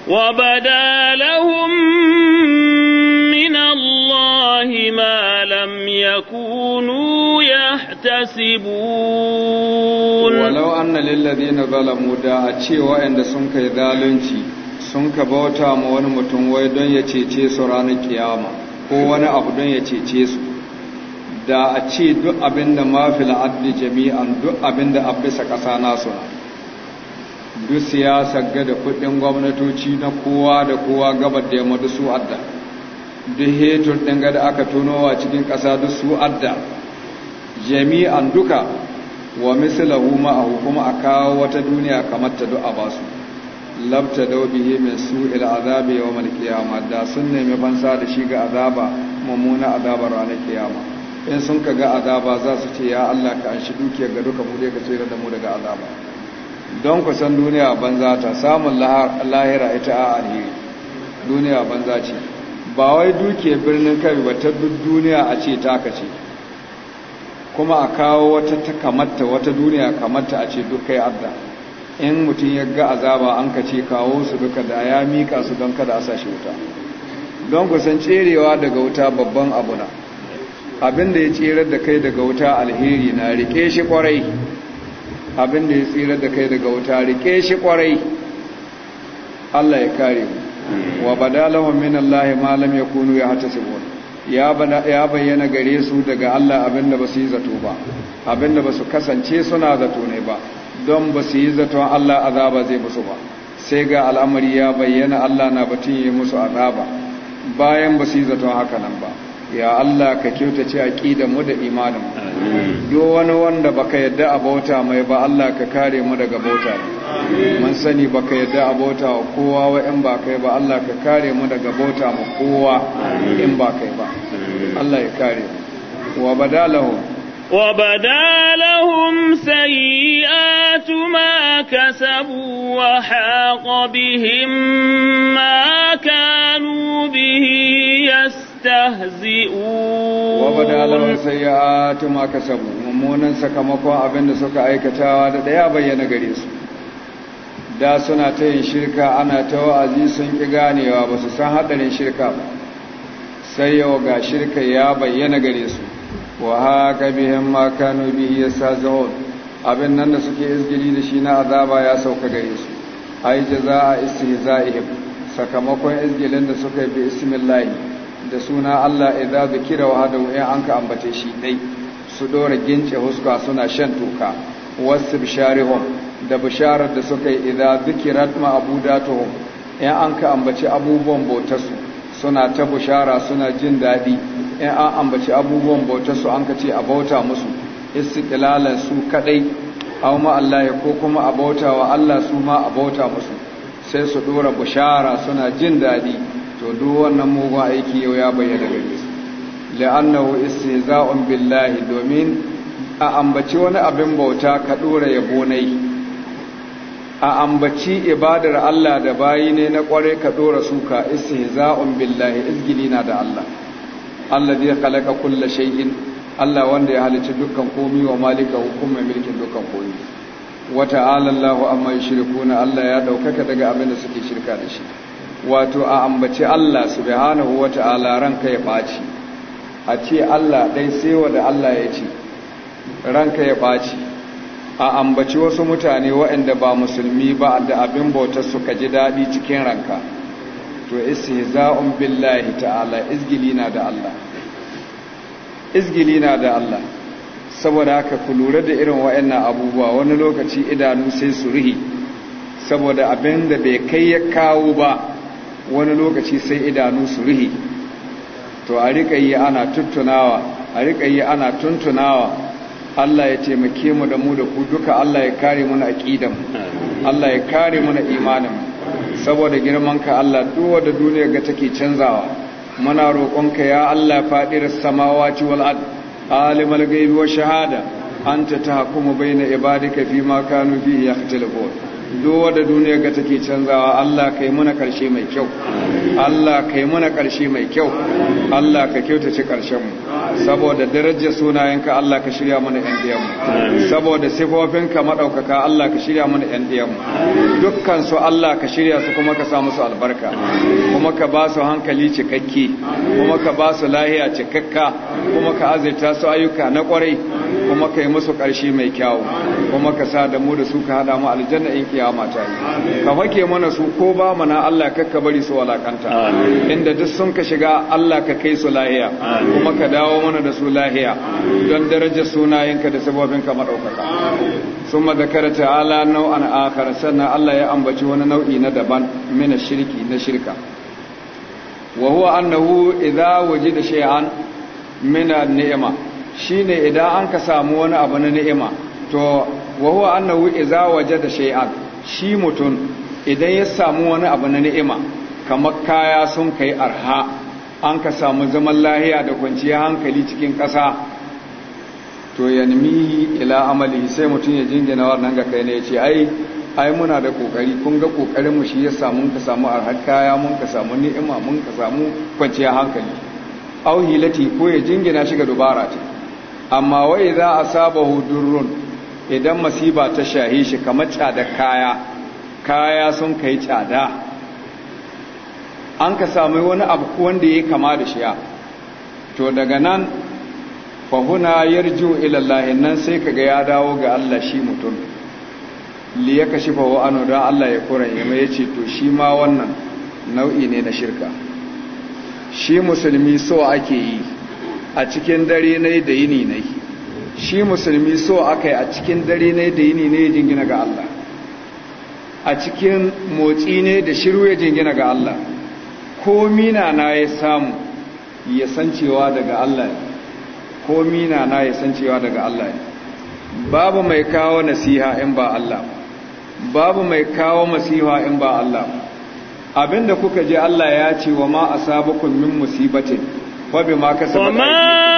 وبدا لهم من الله ما لم يكونوا يحتسبون ولو أن للذين ظلموا دا أتشي وإن سنك ذالنشي سنك بوتا مون متن ويدن يتشيشي سران القيامة هو وانا أبدن يتشيشي da a ce duk abin da mafi la'adli jami'an duk abin da abisa ƙasa nasu duk siyasa ga da kudin gwamnatoci na kowa da kowa gabar da yamma su adda duk hetun ɗin gada da aka tunowa cikin ƙasa duk su adda jami'an duka wa huma a hukuma a kawo wata duniya kamar ta du'a ba su labta mai su ila azabi yawon qiyamah da sun nemi fansa da shi ga azaba mummuna azabar ranar kiyama in sun ka ga azaba za su ce ya Allah ka anshi dukiyar ga duka mu ka tsira da mu daga azaba don ku san duniya banza ta samun lahira ita a alheri duniya banza ce ba wai dukiyar birnin kai ba ta duk duniya a ce taka ce kuma a kawo wata ta kamata wata duniya kamata a ce duk kai adda in mutum ya ga azaba an ka ce kawo su duka da ya mika su don kada a sa shi wuta don ku san cerewa daga wuta babban abu na abinda ya tsirar da kai daga wuta alheri na rike shi kwarai abinda ya tsirar da kai daga wuta rike shi kwarai Allah ya kare wa badalahu min Allah ma lam yakunu yahtasibun ya ya bayyana gare su daga Allah abinda ba su yi zato ba abinda ba su kasance suna zato ne ba don ba su yi zaton Allah azaba zai musu ba sai ga al'amari ya bayyana Allah na batun yi musu azaba bayan ba su yi zaton haka nan ba ya Allah ka kyautace aqidar mu da imanin mu yo wani wanda baka yadda a bauta mai ba Allah ka kare mu daga bauta mun sani baka yadda a bauta wa kowa wa in ba kai ba Allah ka kare mu daga bauta mu kowa in ba kai ba Allah ya kare wa badalahum wa badalahum sayyi'atu ma kasabu wa haqa bihim ma kanu bihi yas yastahzi'un wa badalan sayyi'atu ma kasabu mummunan sakamakon abin da suka aikatawa da daya bayyana gare su da suna ta yin shirka ana ta wa'azi sun ki ganewa ba su san hadarin shirka ba sai yau ga shirka ya bayyana gare su wa haka bihim ma kanu bihi yastahzi'un abin nan da suke izgili da shi na azaba ya sauka gare su ai jaza'a istihza'ihim sakamakon izgilin da suka yi bi ismillahi da suna Allah da kira wa hadu in an ka ambace shi dai su dora gince huska suna shan toka wasu bisharihum da bisharar da suka yi idza zikirat ma abudatuhum in an ka ambace abubuwan bautarsu suna ta bishara suna jin daɗi in an ambaci abubuwan bautarsu an ka ce a bauta musu ƙilalar su kaɗai, aw ma Allah ko kuma a bauta wa Allah su ma a bauta musu sai su ɗora bishara suna jin daɗi to duk wannan mugun aiki yau ya bayyana gare su la'annahu istihza'un billahi domin a ambaci wani abin bauta ka dora yabo nai a ambaci ibadar Allah da bayi ne na kware ka dora suka istihza'un billahi izgili na da Allah Allah zai kalaka kulla shay'in Allah wanda ya halicci dukkan komai wa malika hukumma milkin dukkan komai wa ta'ala Allahu amma yushrikuna Allah ya daukaka daga abin da suke shirka da shi wato a ambaci Allah subhanahu wa ta'ala ranka ya ɓaci a ce Allah dai sai wa da Allah ya ce ranka ya baci a ambaci wasu mutane waɗanda ba musulmi ba da abin bautar suka ji daɗi cikin ranka to isi za'un billahi ta'ala izgili na da Allah izgili da Allah saboda haka ku da irin waɗannan abubuwa wani lokaci idanu sai su rihi saboda abin da bai kai ya kawo ba wani lokaci sai idanu su rihi to a rika yi ana tuntunawa a rika yi ana tuntunawa Allah ya taimake mu da mu da ku duka Allah ya kare mu na aqidan Allah ya kare mu na imanin saboda girman ka Allah duk da duniya ga take canzawa muna roƙonka ya Allah fadir samawati wal ard alimul ghaibi wash shahada anta tahkumu baina ibadika fima kanu fihi yakhtalifun duwa da duniya ga take canzawa Allah kai muna karshe mai kyau Allah kai muna karshe mai kyau Allah ka kyauta karshen mu saboda darajar sunayenka Allah ka shirya mana ƴan diyan saboda sifofinka madaukaka Allah ka shirya mana ƴan diyan dukkan su Allah ka shirya su kuma ka sa musu albarka kuma ka ba su hankali cikakke kuma ka ba su lahiya cikakka kuma ka azirta su ayyuka na kwarai kuma ka yi musu karshe mai kyau kuma ka sa da mu da su ka hada mu aljanna in kiyama ta yi ka fake mana su ko ba mana Allah ka ka bari su walakanta inda duk sun ka shiga Allah ka kai su lahiya kuma ka dawo mana da su lahiya don darajar sunayen da sababin ka madaukaka summa dakara ta'ala nau'an akhar sannan Allah ya ambaci wani nau'i na daban min shirki na shirka wa huwa annahu idza wajida shay'an min ni'ima shine idan an ka samu wani abu na ni'ima to wa huwa annahu waje da shay'an shi mutum idan ya samu wani abu na ni'ima kamar kaya sun kai arha an ka samu zaman lahiya da kwanciyar hankali cikin ƙasa to yanmihi ila amali sai mutum ya jingina wannan ga kai ne yace ai ai muna da kokari kun ga kokarin mu shi ya samu ka samu arhar kaya mun ka samu ni'ima mun ka samu kwanciyar hankali au hilati ko ya jingina shi ga dubara ce amma wai za a saba hudurrun idan masiba ta shahi shi kamar cada kaya kaya sun kai cada an ka sami wani abu wanda ya kama da ya? to daga nan fahuna yarju ilallahi nan sai kaga ya dawo ga Allah shi mutum li ya kashi fa wa'ano da Allah ya ya mai yace to shi ma wannan nau'i ne na shirka shi musulmi so ake yi a cikin dare nai da yini nai shi musulmi so aka yi a cikin dare ne da yini ne jingina ga Allah a cikin motsi ne da shiru ya jingina ga Allah ko mina na ya samu ya san cewa daga Allah ko mina na ya san cewa daga Allah babu mai kawo nasiha in ba Allah babu mai kawo masiha in ba Allah abinda kuka je Allah ya ce wa ma asabakum min musibatin fa bima kasabat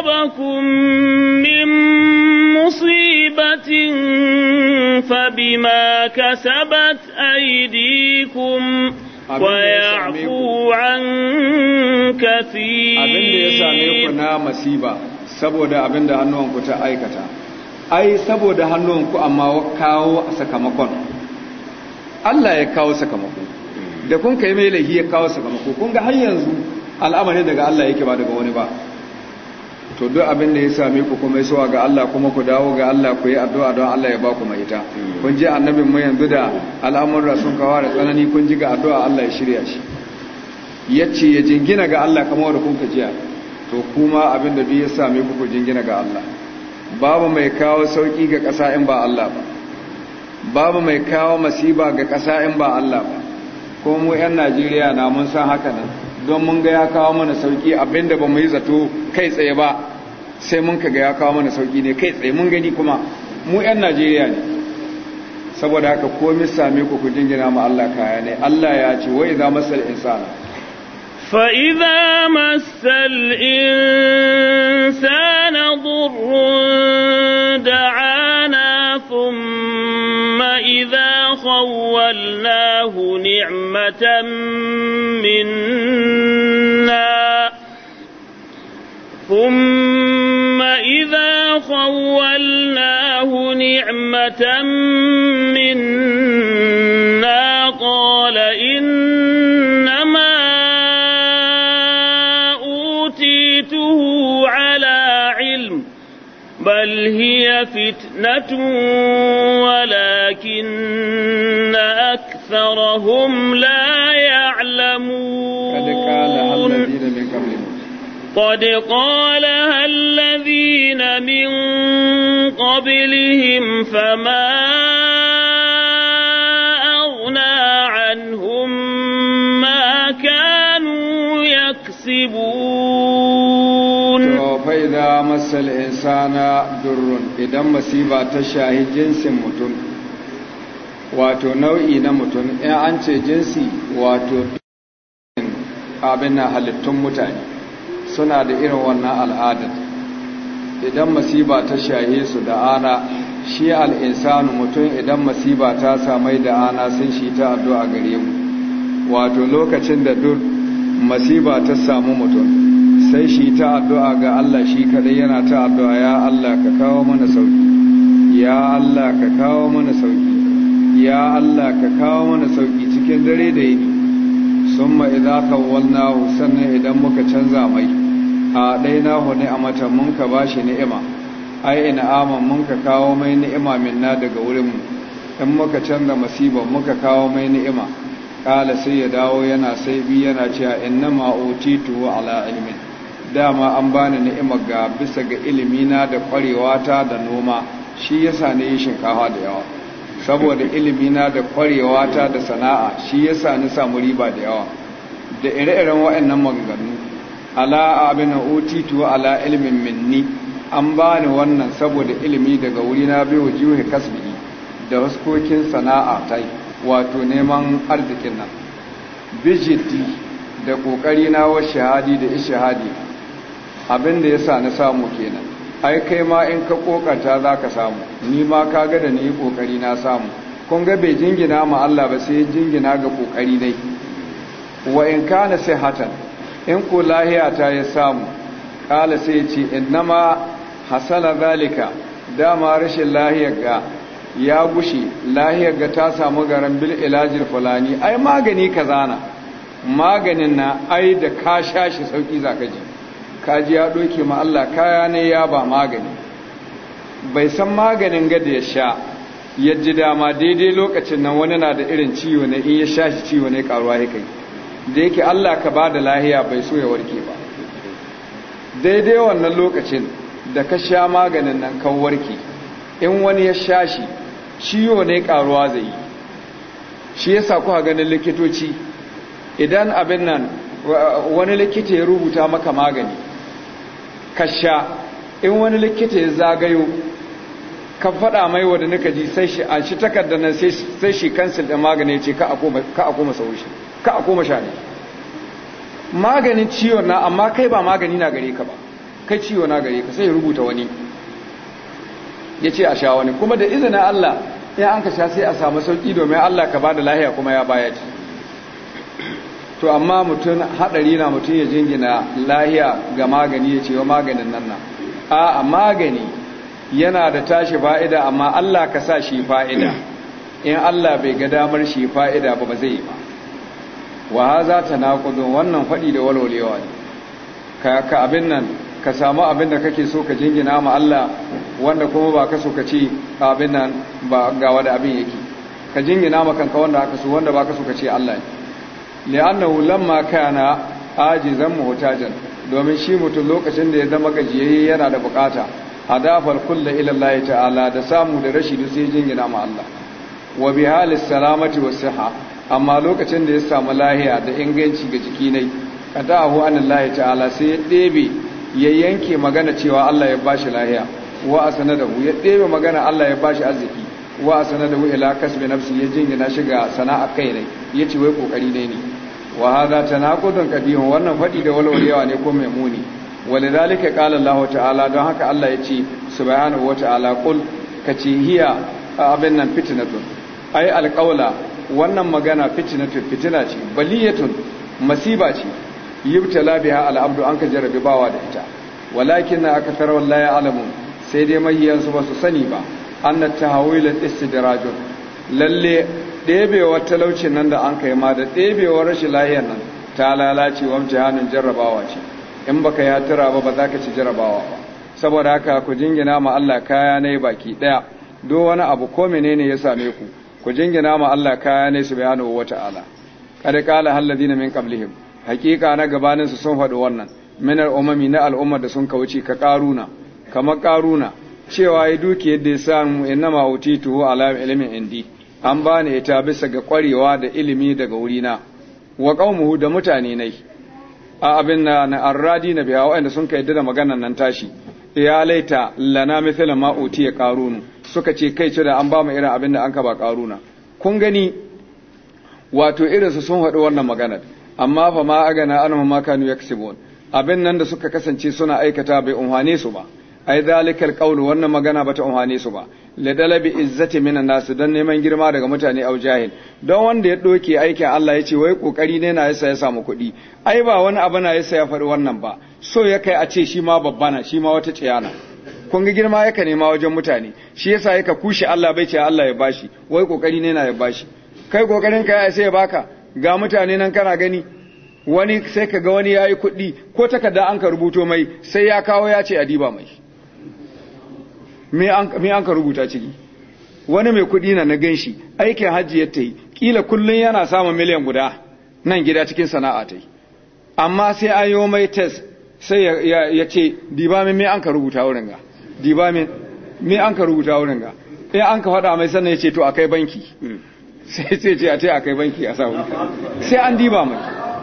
أصابكم من مصيبة فبما كسبت أيديكم ويعفو عن كثير abin da ya same ku na masiba saboda abin da hannuwanku ta aikata ai saboda hannuwanku amma kawo sakamakon Allah ya kawo sakamako da kun kai mai laifi ya kawo sakamako kun ga har yanzu al'amarin daga Allah yake ba daga wani ba to duk abin da ya sami ku kuma yaso ga Allah kuma ku dawo ga Allah ku yi addu'a don Allah ya ba ku ita kun ji annabin mu yanzu da al'amuran sun kawo da tsanani kun ji ga addu'a Allah ya shirya shi yace ya jingina ga Allah kamar wanda kun jiya to kuma abin da bi ya sami ku ku jingina ga Allah babu mai kawo sauki ga ƙasa in ba Allah ba babu mai kawo masiba ga ƙasa in ba Allah ba ko mu 'yan Najeriya na mun san haka nan don mun ga ya kawo mana sauki abinda ba mu yi zato kai tsaye ba sai mun kaga ya kawo mana sauki ne kai tsaye mun gani kuma mu 'yan najeriya ne saboda haka komi same ku ku dingina ma Allah kaya ne Allah ya ce wai za masal insana فإذا مس الإنسان ضر وولناه نِعْمَةً مِنَّا ثُمَّ إِذَا خَوَّلْنَاهُ نِعْمَةً مِنَّا قَالَ إِنَّمَا أُوتِيتُهُ عَلَى عِلْمٍ بَلْ هِيَ فِتْنَةٌ فتنة ولكن أكثرهم لا يعلمون قد قالها الذين من قبلهم قد قالها الذين من قبلهم فما أغنى عنهم ما كانوا يكسبون فإذا مس الإنسان durrun idan masiba ta shahi jinsin mutum wato nau'i na mutum in an ce jinsi wato abin na halittun mutane suna da irin wannan al'adar idan masiba ta shahi su da ana shi al'insanu mutum idan masiba ta samai da ana sun shi ta addu'a gare mu wato lokacin da duk masiba ta samu mutum sai shi ta addu'a ga Allah shi kaɗai yana ta addu'a ya Allah ka kawo mana sauki ya Allah ka kawo mana sauki ya Allah ka kawo mana sauki cikin dare da yini ka idza kawwalnahu sannan idan muka canza mai a dai a matan mun ka ba shi ni'ima ai ina aman mun ka kawo mai ni'ima minna daga wurinmu? in muka canza masibar muka kawo mai ni'ima kala sai ya dawo yana sai bi yana cewa maoti tuwo ala ilmin dama an bani niima ga bisa ga ilimina da kwarewata da noma shi yasa ne yi shinkafa da yawa saboda ilimina da kwarewata da sana'a shi yasa ni samu riba da yawa da ire-iren waɗannan maganganu ala abin utitu ala ilmin minni an bani wannan saboda ilimi daga wuri na biyu jiwe kasbi da haskokin sana'a ta wato neman arzikin nan bijiti da kokari na wa shahadi da ishahadi abin da ya sa na samu kenan ai kai ma in ka kokarta za ka samu ni ma ka gada da ni yi kokari na samu kun ga bai jingina ma Allah ba sai jingina ga kokari dai wa in kana sihatan in ko lahiya ta ya samu kala sai ya ce innama hasala zalika dama rashin lahiyar ga ya gushe lahiyar ga ta samu garan bil ilajin fulani ai magani kazana maganin na ai da ka sha shi sauki zaka ji kaji ya doke ma Allah kaya ne ya ba magani bai san maganin gada ya sha ya ji dama daidai lokacin nan wani na da irin ciwo ne in ya sha shi ciwo ne karuwa ya kai da yake Allah ka ba da lahiya bai so ya warke ba daidai wannan lokacin da ka sha maganin nan kan warke in wani ya sha shi ciwo ne karuwa zai yi shi yasa kuka ganin likitoci idan abin nan wani likita ya rubuta maka magani ka sha in wani likita ya zagayo ka faɗa mai wanda da nika ji sai shi an shi takarda nan sai shi kansil da magani ce ka a koma sauri shi ka a koma sha ne maganin ciwon na amma kai ba magani na gare ka ba kai ciwo na gare ka sai ya rubuta wani ya ce a sha wani kuma da izinin Allah ya an ka sha sai a samu sauƙi domin Allah ka ba da lahiya kuma ya baya ce to amma mutum hadari na mutum ya jingina lahiya ga magani ya ce wa maganin nan nan. a magani yana da tashi fa'ida amma Allah ka sa shi fa'ida in Allah bai ga damar shi fa'ida ba ba zai yi ba wa za ta naƙudun wannan faɗi da walwalewa ne ka abin nan ka samu abin da kake so ka jingina ma Allah wanda kuma ba ka so ka ce abin nan ba ga wada abin yake ka jingina ma kanka wanda aka so wanda ba ka so ka ce Allah ne li'annahu lamma kana ajizan muhtajan domin shi mutum lokacin da ya zama gajiyayye yana da bukata dafar kulla ila Allah ta'ala da samu da rashi da sai jingina ma Allah wa bi halis salamati was siha amma lokacin da ya samu lahiya da inganci ga jiki ne kadahu anallahi ta'ala sai ya ɗebe ya yanke magana cewa Allah ya bashi lahiya wa asanadahu ya ɗebe magana Allah ya bashi arziki wa asanadahu ila kasbi nafsi ya jingina shiga sana'a kai ne yace wai kokari ne ne wa hadha tanaqudun qadihun wannan fadi da walwalewa ne ko mai muni walidhalika qala Allahu ta'ala don haka Allah yace subhanahu wa ta'ala qul kace hiya abin nan fitnatun ai alqaula wannan magana fitnatun fitina ce baliyatun masiba ce yubtala biha al'abdu an ka jarabi bawa da ita walakin na aka alamu ya'lamu sai dai mahiyansu ba su sani ba annat tahawilat istidrajun lalle ɗebewar talaucin nan da an kai ma da ɗebewar rashin lahiyar nan ta lalace wa jihanin jarrabawa ce in baka ya tura ba ba za ka ci jarrabawa ba saboda haka ku jingina ma Allah kaya ne baki ɗaya do wani abu ko menene ya same ku ku jingina ma Allah kaya ne subhanahu ta'ala kad qala alladhina min qablihim haqiqa na gabanin su sun faɗi wannan min umami na al'ummar da sun kauce ka karuna kamar karuna cewa ya duke yadda ya samu innama utituhu ala ilmin indi an ba ni ita bisa ga ƙwarewa da ilimi daga wurina wa qaumuhu da mutane nai a abin na na arradi na biya waɗanda sun ka yadda da maganan nan tashi ya laita lana mithla ma ya qarun suka ce kai ce da an ba mu irin abin da an ka ba qaruna kun gani wato irin su sun haɗu wannan maganar amma fa ma agana anhum ma kanu yaksibun abin nan da suka kasance suna aikata bai umhane su ba ai zalikal qawlu wannan magana bata umhane su ba li dalabi izzati minan nas dan neman girma daga mutane au jahil don wanda ya doke aikin Allah yace wai kokari ne na yasa ya samu kuɗi ai ba wani abu na yasa ya faɗi wannan ba so ya kai a ce shi ma babba na shi ma wata ciyana kun ga girma yaka nema wajen mutane shi yasa yaka kushe Allah bai ce Allah ya bashi wai kokari ne na ya bashi kai kokarin ka sai ya baka ga mutane nan kana gani wani sai ka ga wani yayi kuɗi ko takarda an ka rubuto mai sai ya kawo ya ce adiba mai me an ka rubuta ciki wani mai kuɗi na na gan shi aikin hajji ya ta yi ƙila kullum yana samun miliyan guda nan gida cikin sana'a ta yi amma sai an yi mai test sai ya ce dibamin me an ka rubuta wurin ga dibamin me an ka rubuta wurin ga in an ka faɗa mai sannan ya ce to akai banki sai sai ce a ce akai banki a samu sai an diba mai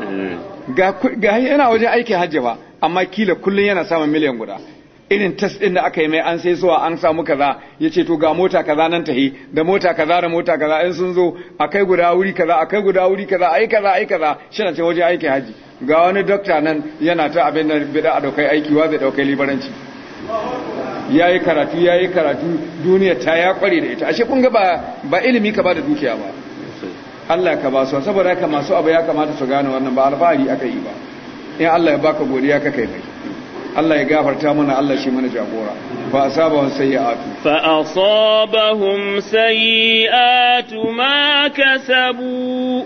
mm. ga yana wajen aikin hajji ba amma kila kullum yana samun miliyan guda irin tas din da aka yi mai an sai suwa an samu kaza ya ce to ga mota kaza nan tahi da mota kaza da mota kaza in sun zo a kai guda wuri kaza a kai guda wuri kaza ai kaza ai kaza na ce waje aiki haji ga wani dokta nan yana ta abin da bida a daukai aiki wa zai daukai libaranci ya yi karatu ya yi karatu duniya ta ya kware da ita ashe kun ga ba ilimi ka ba da dukiya ba Allah ka ba su saboda haka masu abu ya kamata su gane wannan ba alfahari aka yi ba in Allah ya baka godiya ka kai mai الله يغفرت منا الله شي منا جابورا فاصابهم سيئات فاصابهم سيئات ما كسبوا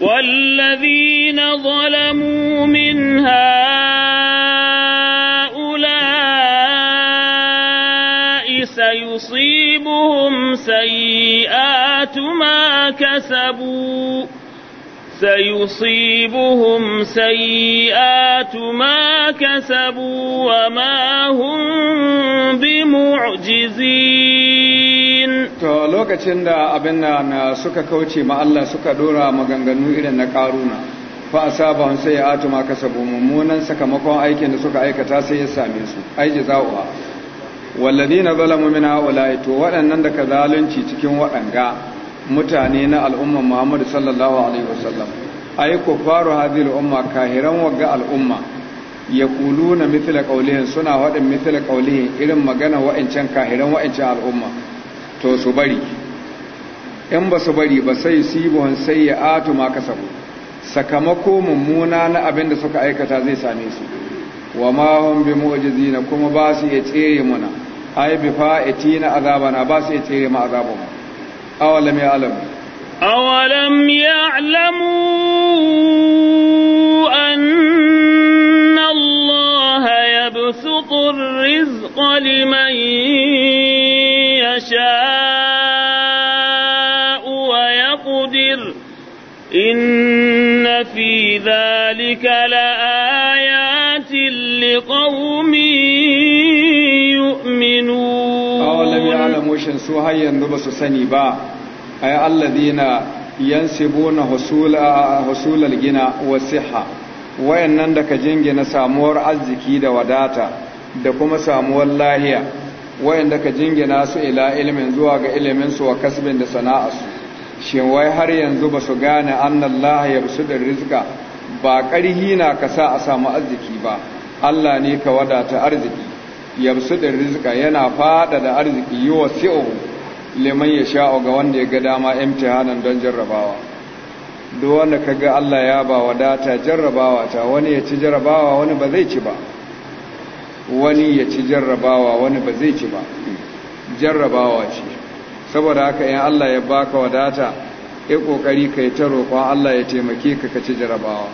والذين ظلموا من هؤلاء سيصيبهم سيئات ما كسبوا سيصيبهم سيئات ما كسبوا وما هم بمعجزين to lokacin da abin na ah, suka kauce ma Allah suka dora maganganu irin na karuna fa sai sayi'atu ma kasabu mummunan sakamakon aikin da suka aikata sai ya same su ai jazaoha walladina zalamu min haula'i to waɗannan da ka zalunci cikin waɗanga mutane na al'umma Muhammadu sallallahu alaihi wasallam ay kufaru hadhihi al'umma kahiran waga al'umma ya na mithla qawlihim suna waɗin mithla qawlihim irin magana wa'incan kahiran wa'incan al'umma to su bari in ba su bari ba sai sai ya atu ma ku sakamako mummuna na abin da suka aikata zai same su wa ma hum bi na kuma ba su iya tsere muna ai bi fa'itina azabana ba su iya tsere mu azabana أولم يعلموا أولم يعلموا أن الله يبسط الرزق لمن يشاء ويقدر إن في ذلك لآيات لقوم يؤمنون shin su har yanzu ba su sani ba ay alladina yansibuna husula husulal gina wasiha siha nan da ka jingina samuwar arziki da wadata da kuma samuwar lahiya da ka jingina su ila ilimin zuwa ga ilimin su wa kasbin da sana'a su shin wai har yanzu ba su gane su da rizqa ba ƙarhi na ka sa a samu arziki ba Allah ne ka wadata arziki yabsudin rizqa yana fada da arziki yi wa yuwasi'u liman yasha'u ga wanda ya ga dama imtihanan don jarrabawa duk wanda ka ga Allah ya ba wadata jarrabawa ta wani ya ci jarrabawa wani ba zai ci ba wani ya ci jarrabawa wani ba zai ci ba jarrabawa ce saboda haka yin Allah ya baka wadata ya kokari yi ta roƙon Allah ya taimake ka ka ci jarrabawa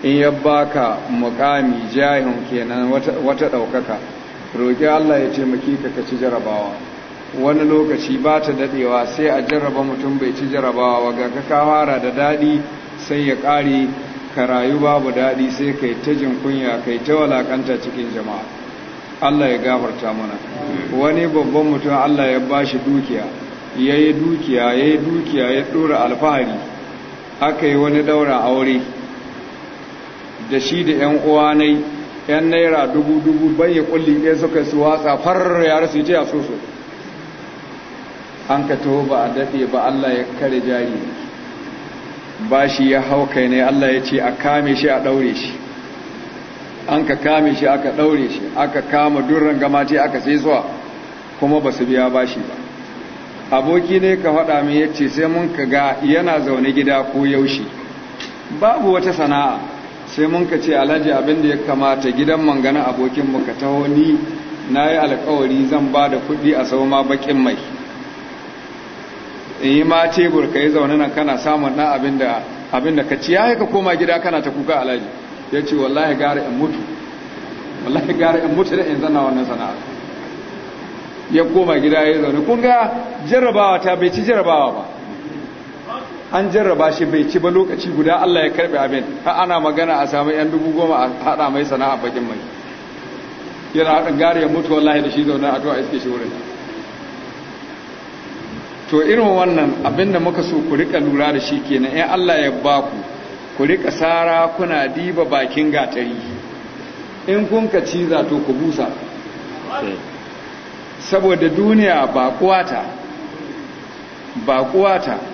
in ya baka muƙami jahin kenan wata ɗaukaka roƙi Allah ya taimaki ka ka ci jarabawa wani lokaci ba ta daɗewa sai a jarraba mutum bai ci jarabawa ga ka kawara da daɗi sai ya ƙare ka rayu babu daɗi sai kai ta jin kunya kai ta walakanta cikin jama'a Allah ya gafarta mana wani babban mutum Allah ya bashi dukiya ya yi dukiya ya yi dukiya ya ɗora alfahari aka yi wani ɗaura aure da shi da 'yan uwanai yan naira dubu dubu ban kulli ɗaya suka su watsa far ya rasu ce a so so an ka taho ba a daɗe ba Allah ya kare jari ba shi ya hau kai ne Allah ya ce a kame shi a ɗaure shi an ka kame shi aka ɗaure shi aka kama durin gama ce aka sai zuwa kuma ba su biya ba shi ba aboki ne ka faɗa min ya ce sai mun ka ga yana zaune gida ko yaushe babu wata sana'a sai mun ka ce alhaji abin da ya kamata gidan mangana abokinmu ka taho ni na yi alkawari zan ba da kuɗi a sau ma baƙin mai in yi ma tebur ka yi zaune nan kana samun na abin da ka ci ya yi ka koma gida kana ta kuka alhaji ya ce wallahi gara in mutu wallahi gara in mutu da in zana wannan sana'a ya koma gida ya zaune kun ga jarrabawa ta bai ci jarrabawa ba an jarraba shi bai ci ba lokaci guda Allah ya karbe abin har ana magana a samu yan dubu goma a haɗa mai sana'a bakin mai yana haɗa gari ya mutu wallahi da shi zaune a to a iske shi wurin to irin wannan abin da muka so ku rika lura da shi kenan in Allah ya ba ku ku rika sara kuna diba bakin gatari in kun ka ci za to ku busa saboda duniya ba kuwata ba kuwata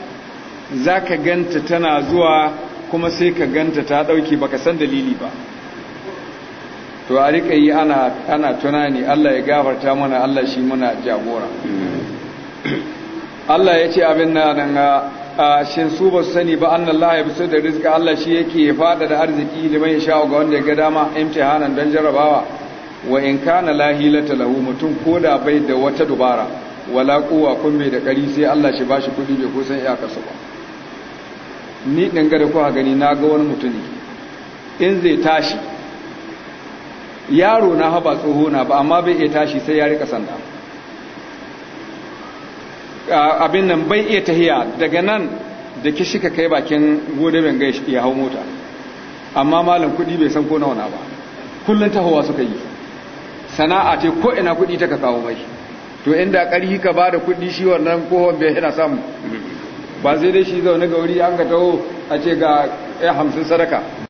za ka ganta tana zuwa kuma sai ka ganta ta dauki baka san dalili ba to a rika yi ana tunani Allah ya gafarta mana Allah shi muna jagora (coughs) Allah ya ce abin na nan a shin su ba su sani ba annan Allah ya da rizka Allah shi yake fada da arziki da mai sha ga wanda ya ga dama imtihanan don jarabawa wa in kana lahilata lahu mutum koda bai da wata dubara wala kowa kun bai da kari sai Allah shi ba shi kudi bai kusan iyakarsa ba ni ɗanga da kuwa gani na ga wani mutumi in zai tashi yaro na haba tsoho na ba amma bai iya tashi sai ya rika sanda abin nan bai iya tahiya daga nan da ki kai bakin gode ben gaish ya hau mota amma malam kudi bai san ko nawa na ba kullun tahowa suka yi sana'a ce ko ina kudi ta ka kawo mai to inda karhi ka bada kudi shi wannan kohon bai yana samu ba sai dai shi zaune ga wuri an ka taho a ce ga ya hamsin sadaka